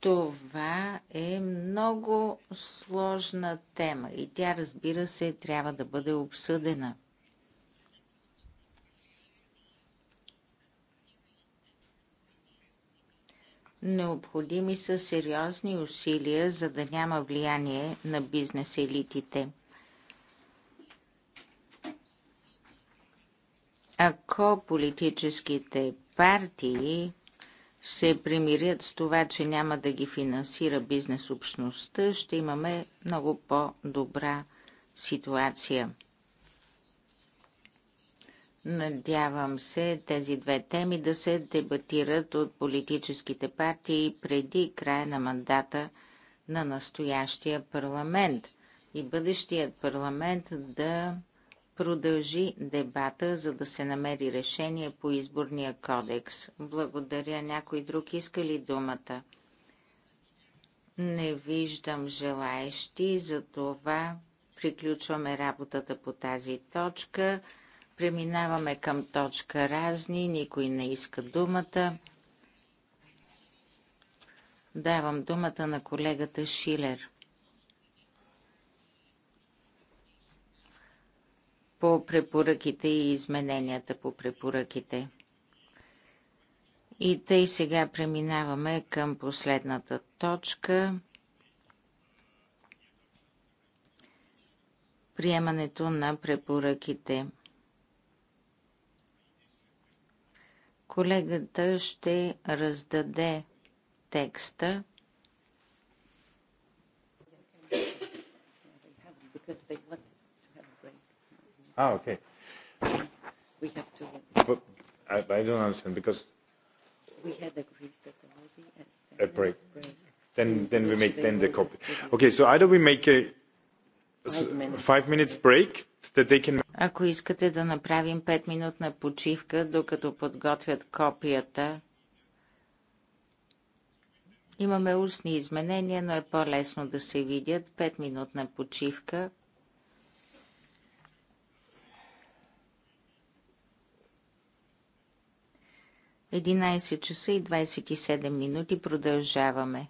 Това е много сложна тема и тя, разбира се, трябва да бъде обсъдена. Необходими са сериозни усилия, за да няма влияние на бизнес елитите. Ако политическите партии се примирят с това, че няма да ги финансира бизнес общността, ще имаме много по-добра ситуация. Надявам се тези две теми да се дебатират от политическите партии преди края на мандата на настоящия парламент и бъдещият парламент да продължи дебата, за да се намери решение по изборния кодекс. Благодаря. Някой друг иска ли думата? Не виждам желаещи, това приключваме работата по тази точка. Преминаваме към точка разни. Никой не иска думата. Давам думата на колегата Шилер. по препоръките и измененията по препоръките. И тъй сега преминаваме към последната точка. Приемането на препоръките. Колегата ще раздаде текста. Because they Ah, okay. We have to. But I, I don't understand because. We had agreed that there will be a, a break. break. Then, then we make then the copy. Okay, so either we make a five minutes break that they can. Ако искате да направим 5 минутна почивка, докато подготвят копията, имаме устни изменения, но е по-лесно да се видят. 5 минутна почивка. 11 часа и 27 минути продължаваме.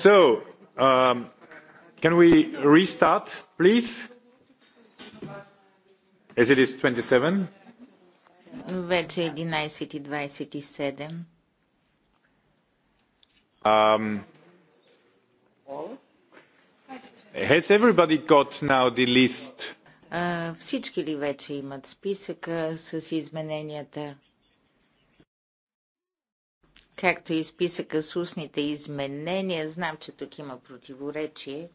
So, can we restart, please? As it is 27. Вече 11.27. Um, has everybody got now the list? всички ли вече имат списъка с измененията? както и списъка с устните изменения. Знам, че тук има противоречие.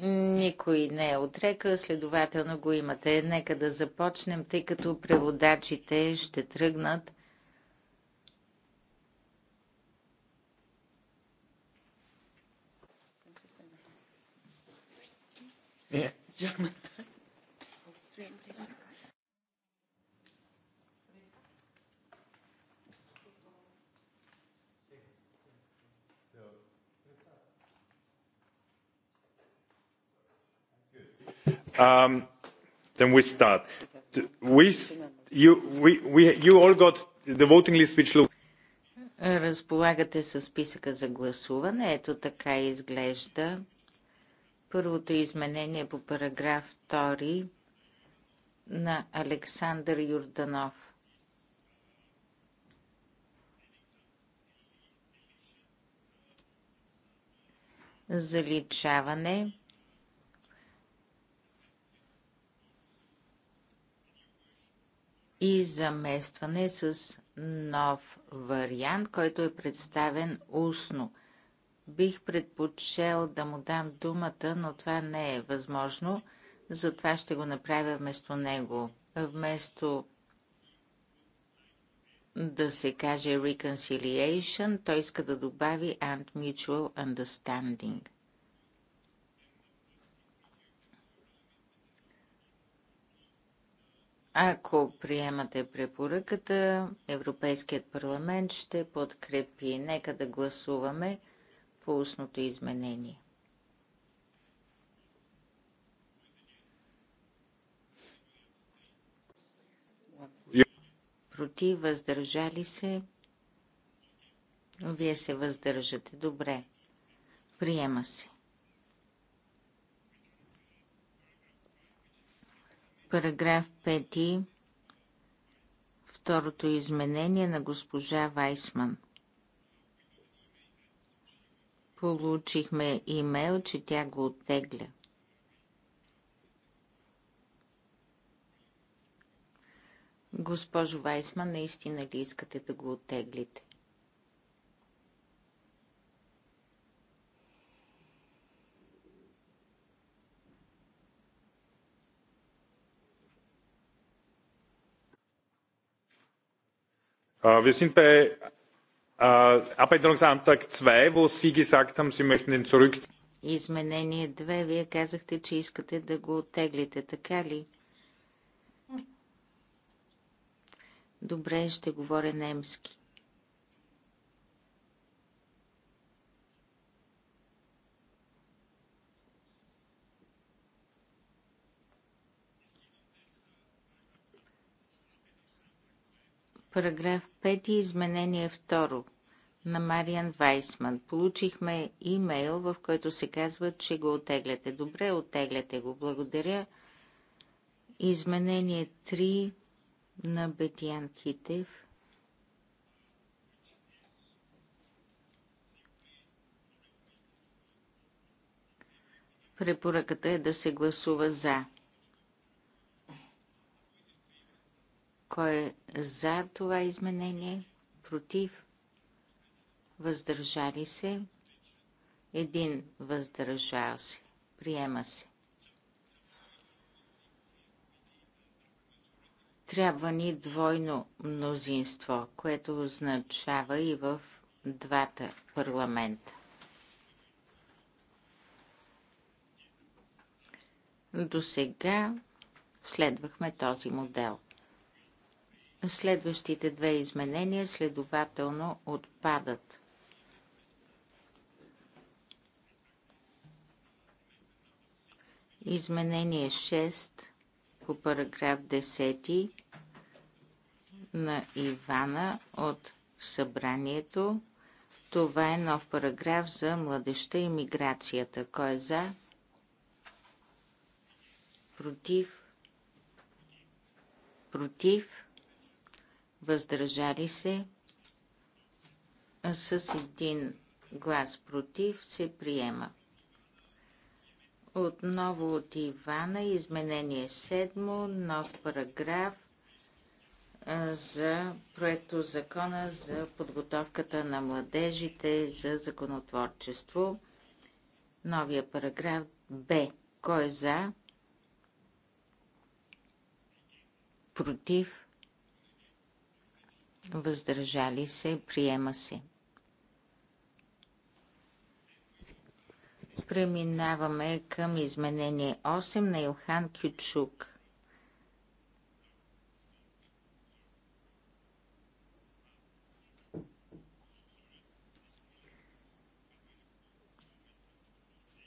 Никой не е отрека, следователно го имате. Нека да започнем, тъй като преводачите ще тръгнат. Yeah. Е, Um, then we start. We, you, we, we, you all got the voting list which looks... Разполагате с списъка за гласуване. Ето така изглежда. Първото изменение по параграф 2 на Александър Юрданов. Заличаване и заместване с нов вариант, който е представен устно. Бих предпочел да му дам думата, но това не е възможно, затова ще го направя вместо него. Вместо да се каже reconciliation, той иска да добави and mutual understanding. Ако приемате препоръката, Европейският парламент ще подкрепи. Нека да гласуваме по устното изменение. Против, въздържали се. Вие се въздържате. Добре. Приема се. Параграф 5. Второто изменение на госпожа Вайсман. Получихме имейл, че тя го оттегля. Госпожо Вайсман, наистина ли искате да го оттеглите? Äh, wir sind bei äh, Abänderungsantrag 2, wo Sie gesagt haben, Sie möchten den zurück. Изменение 2, вие казахте, че искате да го оттеглите, така ли? Добре, ще говоря немски. Параграф 5. Изменение 2 на Мариан Вайсман. Получихме имейл, в който се казва, че го отегляте. Добре, отегляте го. Благодаря. Изменение 3 на Бетиан Китев. Препоръката е да се гласува за. Кой е за това изменение? Против? Въздържали се? Един въздържал се. Приема се. Трябва ни двойно мнозинство, което означава и в двата парламента. До сега следвахме този модел. Следващите две изменения следователно отпадат. Изменение 6 по параграф 10 на Ивана от събранието. Това е нов параграф за младеща и миграцията. Кой е за? Против? Против? въздържали се, с един глас против се приема. Отново от Ивана, изменение 7, нов параграф за проекто закона за подготовката на младежите за законотворчество. Новия параграф Б. Кой е за? Против? въздържали се, приема се. Преминаваме към изменение 8 на Илхан Кючук.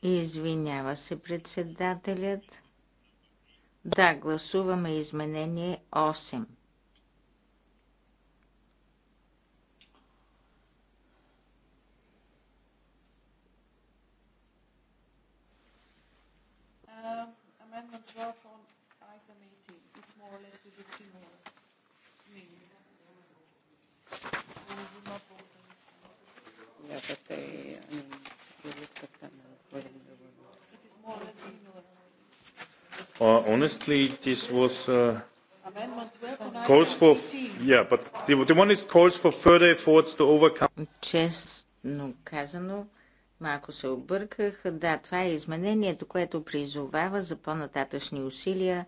Извинява се председателят. Да, гласуваме изменение 8. Yeah, but they, I mean, we looked at them and wouldn't they were not. It is more or less similar. Uh, honestly, this was. Uh, calls for yeah, but the, the one is calls for further efforts to overcome. Честно казано, Малко се обърках. Да, това е изменението, което призовава за по-нататъчни усилия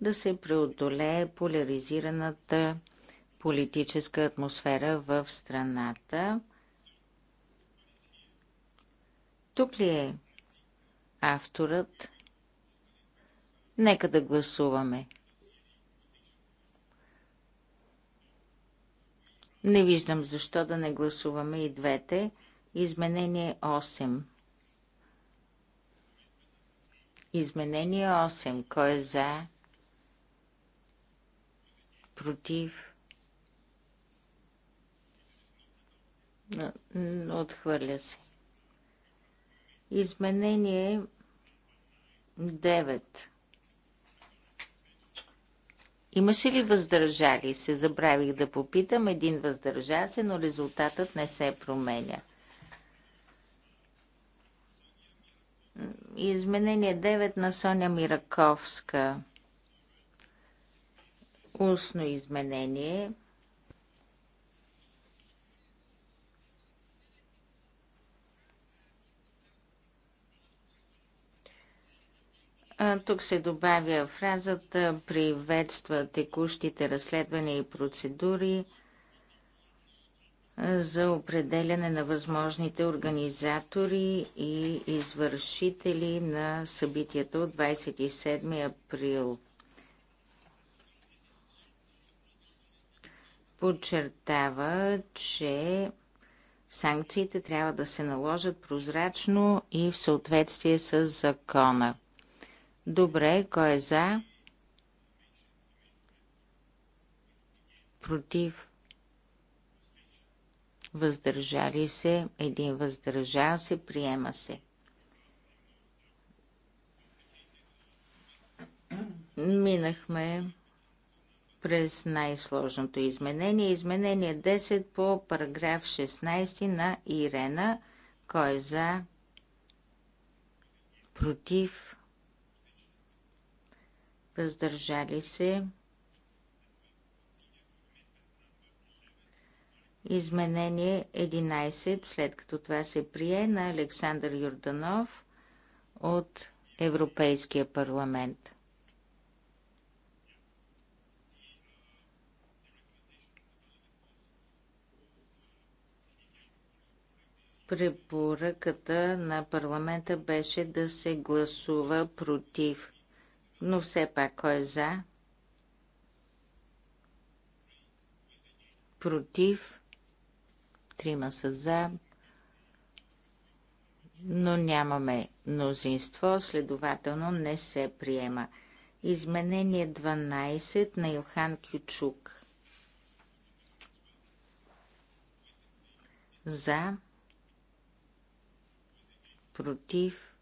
да се преодолее поляризираната политическа атмосфера в страната. Тук ли е авторът? Нека да гласуваме. Не виждам защо да не гласуваме и двете. Изменение 8. Изменение 8. Кой е за? Против? Отхвърля се. Изменение 9. Имаше ли въздържали се? Забравих да попитам. Един въздържа се, но резултатът не се променя. Изменение 9 на Соня Мираковска. Устно изменение. Тук се добавя фразата приветства текущите разследвания и процедури за определяне на възможните организатори и извършители на събитията от 27 април. Подчертава, че санкциите трябва да се наложат прозрачно и в съответствие с закона. Добре, кой е за? Против? въздържали се, един въздържал се, приема се. Минахме през най-сложното изменение. Изменение 10 по параграф 16 на Ирена. Кой е за? Против? Въздържали се? Изменение 11, след като това се прие на Александър Юрданов от Европейския парламент. Препоръката на парламента беше да се гласува против, но все пак кой е за? Против? трима са за, но нямаме мнозинство, следователно не се приема. Изменение 12 на Йохан Кючук. За, против,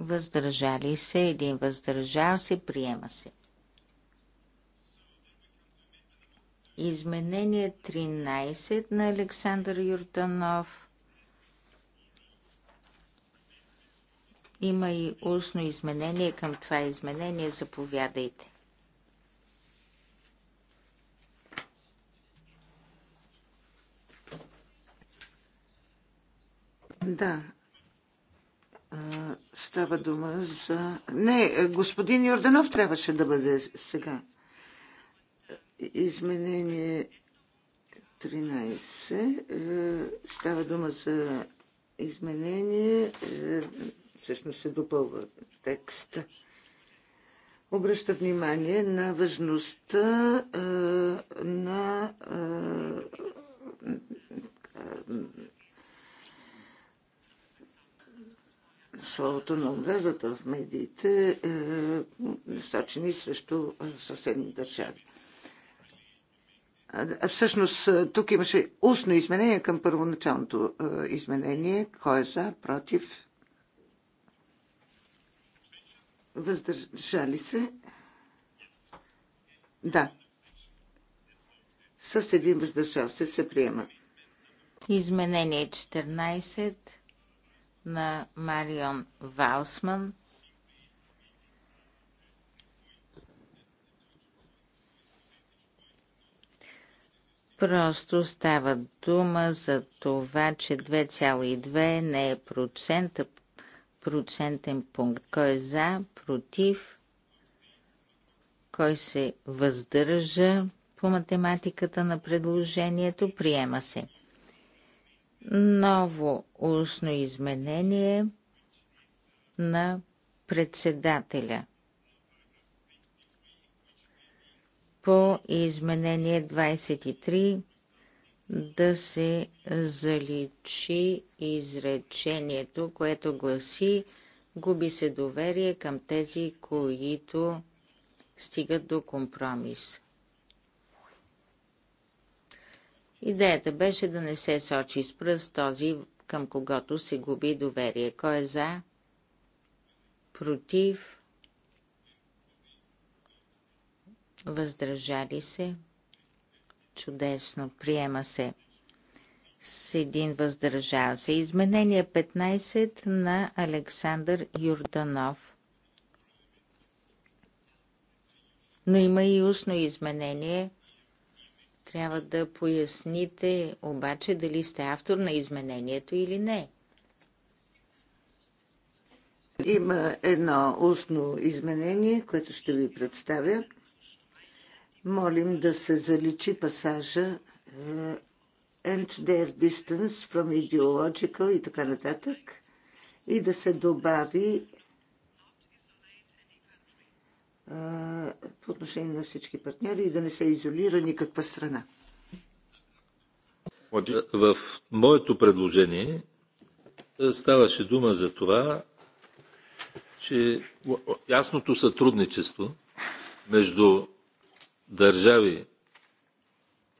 въздържали се, един въздържал се, приема се. Изменение 13 на Александър Юртанов. Има и устно изменение към това изменение. Заповядайте. Да. Става дума за... Не, господин Йорданов трябваше да бъде сега. Изменение 13. Е, става дума за изменение. Е, всъщност се допълва текста. Обръща внимание на важността е, на словото на омразата в медиите, насочени срещу съседни държави. Всъщност, тук имаше устно изменение към първоначалното изменение. Кой е за, против? Въздържали се? Да. С един въздържал се се приема. Изменение 14 на Марион Ваусман – Просто става дума за това, че 2,2 не е процента, процентен пункт. Кой е за, против, кой се въздържа по математиката на предложението, приема се. Ново устно изменение на председателя. по изменение 23 да се заличи изречението, което гласи губи се доверие към тези, които стигат до компромис. Идеята беше да не се сочи с пръст този, към когото се губи доверие. Кой е за? Против? въздържали се. Чудесно, приема се с един въздържал се. Изменение 15 на Александър Юрданов. Но има и устно изменение. Трябва да поясните обаче дали сте автор на изменението или не. Има едно устно изменение, което ще ви представя. Молим да се заличи пасажа and е, their distance from ideological и така нататък и да се добави е, по отношение на всички партньори и да не се изолира никаква страна. В моето предложение е, ставаше дума за това, че ясното сътрудничество между държави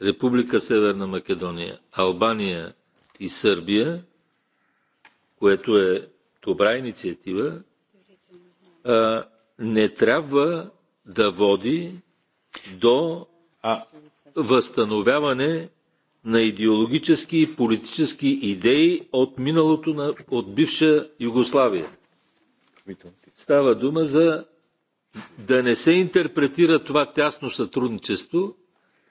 Република Северна Македония, Албания и Сърбия, което е добра инициатива, не трябва да води до възстановяване на идеологически и политически идеи от миналото на, от бивша Югославия. Става дума за да не се интерпретира това тясно сътрудничество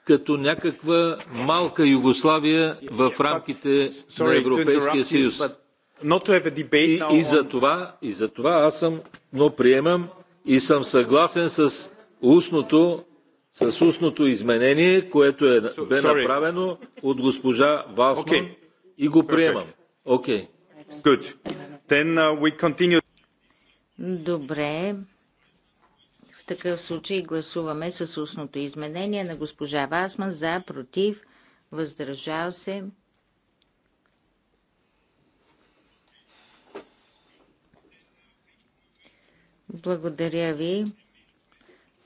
като някаква малка Югославия в рамките на Европейския съюз. И, и, за това, и за това аз съм, но приемам и съм съгласен с устното, с устното изменение, което е, бе направено от госпожа Валсман okay. и го приемам. Окей. Okay. Uh, Добре, в такъв случай гласуваме с устното изменение на госпожа Васман за, против, въздържал се. Благодаря ви.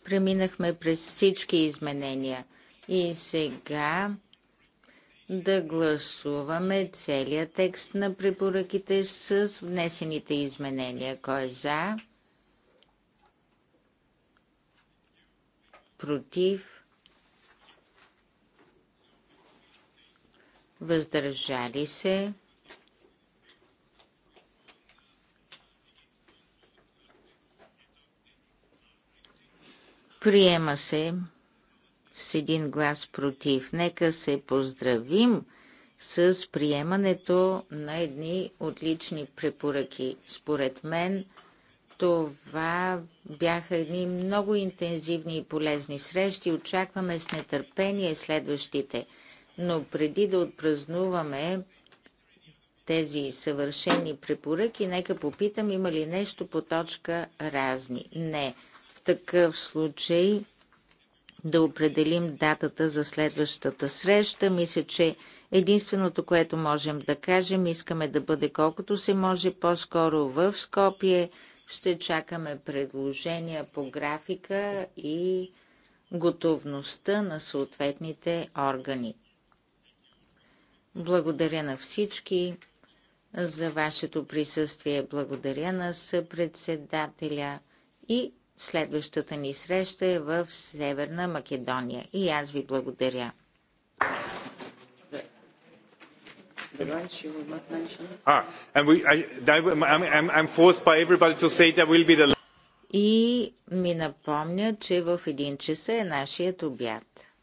Преминахме през всички изменения. И сега да гласуваме целият текст на препоръките с внесените изменения. Кой е за? против, въздържали се. Приема се с един глас против. Нека се поздравим с приемането на едни отлични препоръки. Според мен това бяха едни много интензивни и полезни срещи. Очакваме с нетърпение следващите. Но преди да отпразнуваме тези съвършени препоръки, нека попитам има ли нещо по точка разни. Не. В такъв случай да определим датата за следващата среща. Мисля, че единственото, което можем да кажем, искаме да бъде колкото се може по-скоро в Скопие – ще чакаме предложения по графика и готовността на съответните органи. Благодаря на всички за вашето присъствие. Благодаря на съпредседателя и следващата ни среща е в Северна Македония. И аз ви благодаря. The lunch you will not mention. Ah, and we, I, I'm, I'm, I'm forced by everybody to say that will be the... И ми напомня, че в един часа е нашият обяд.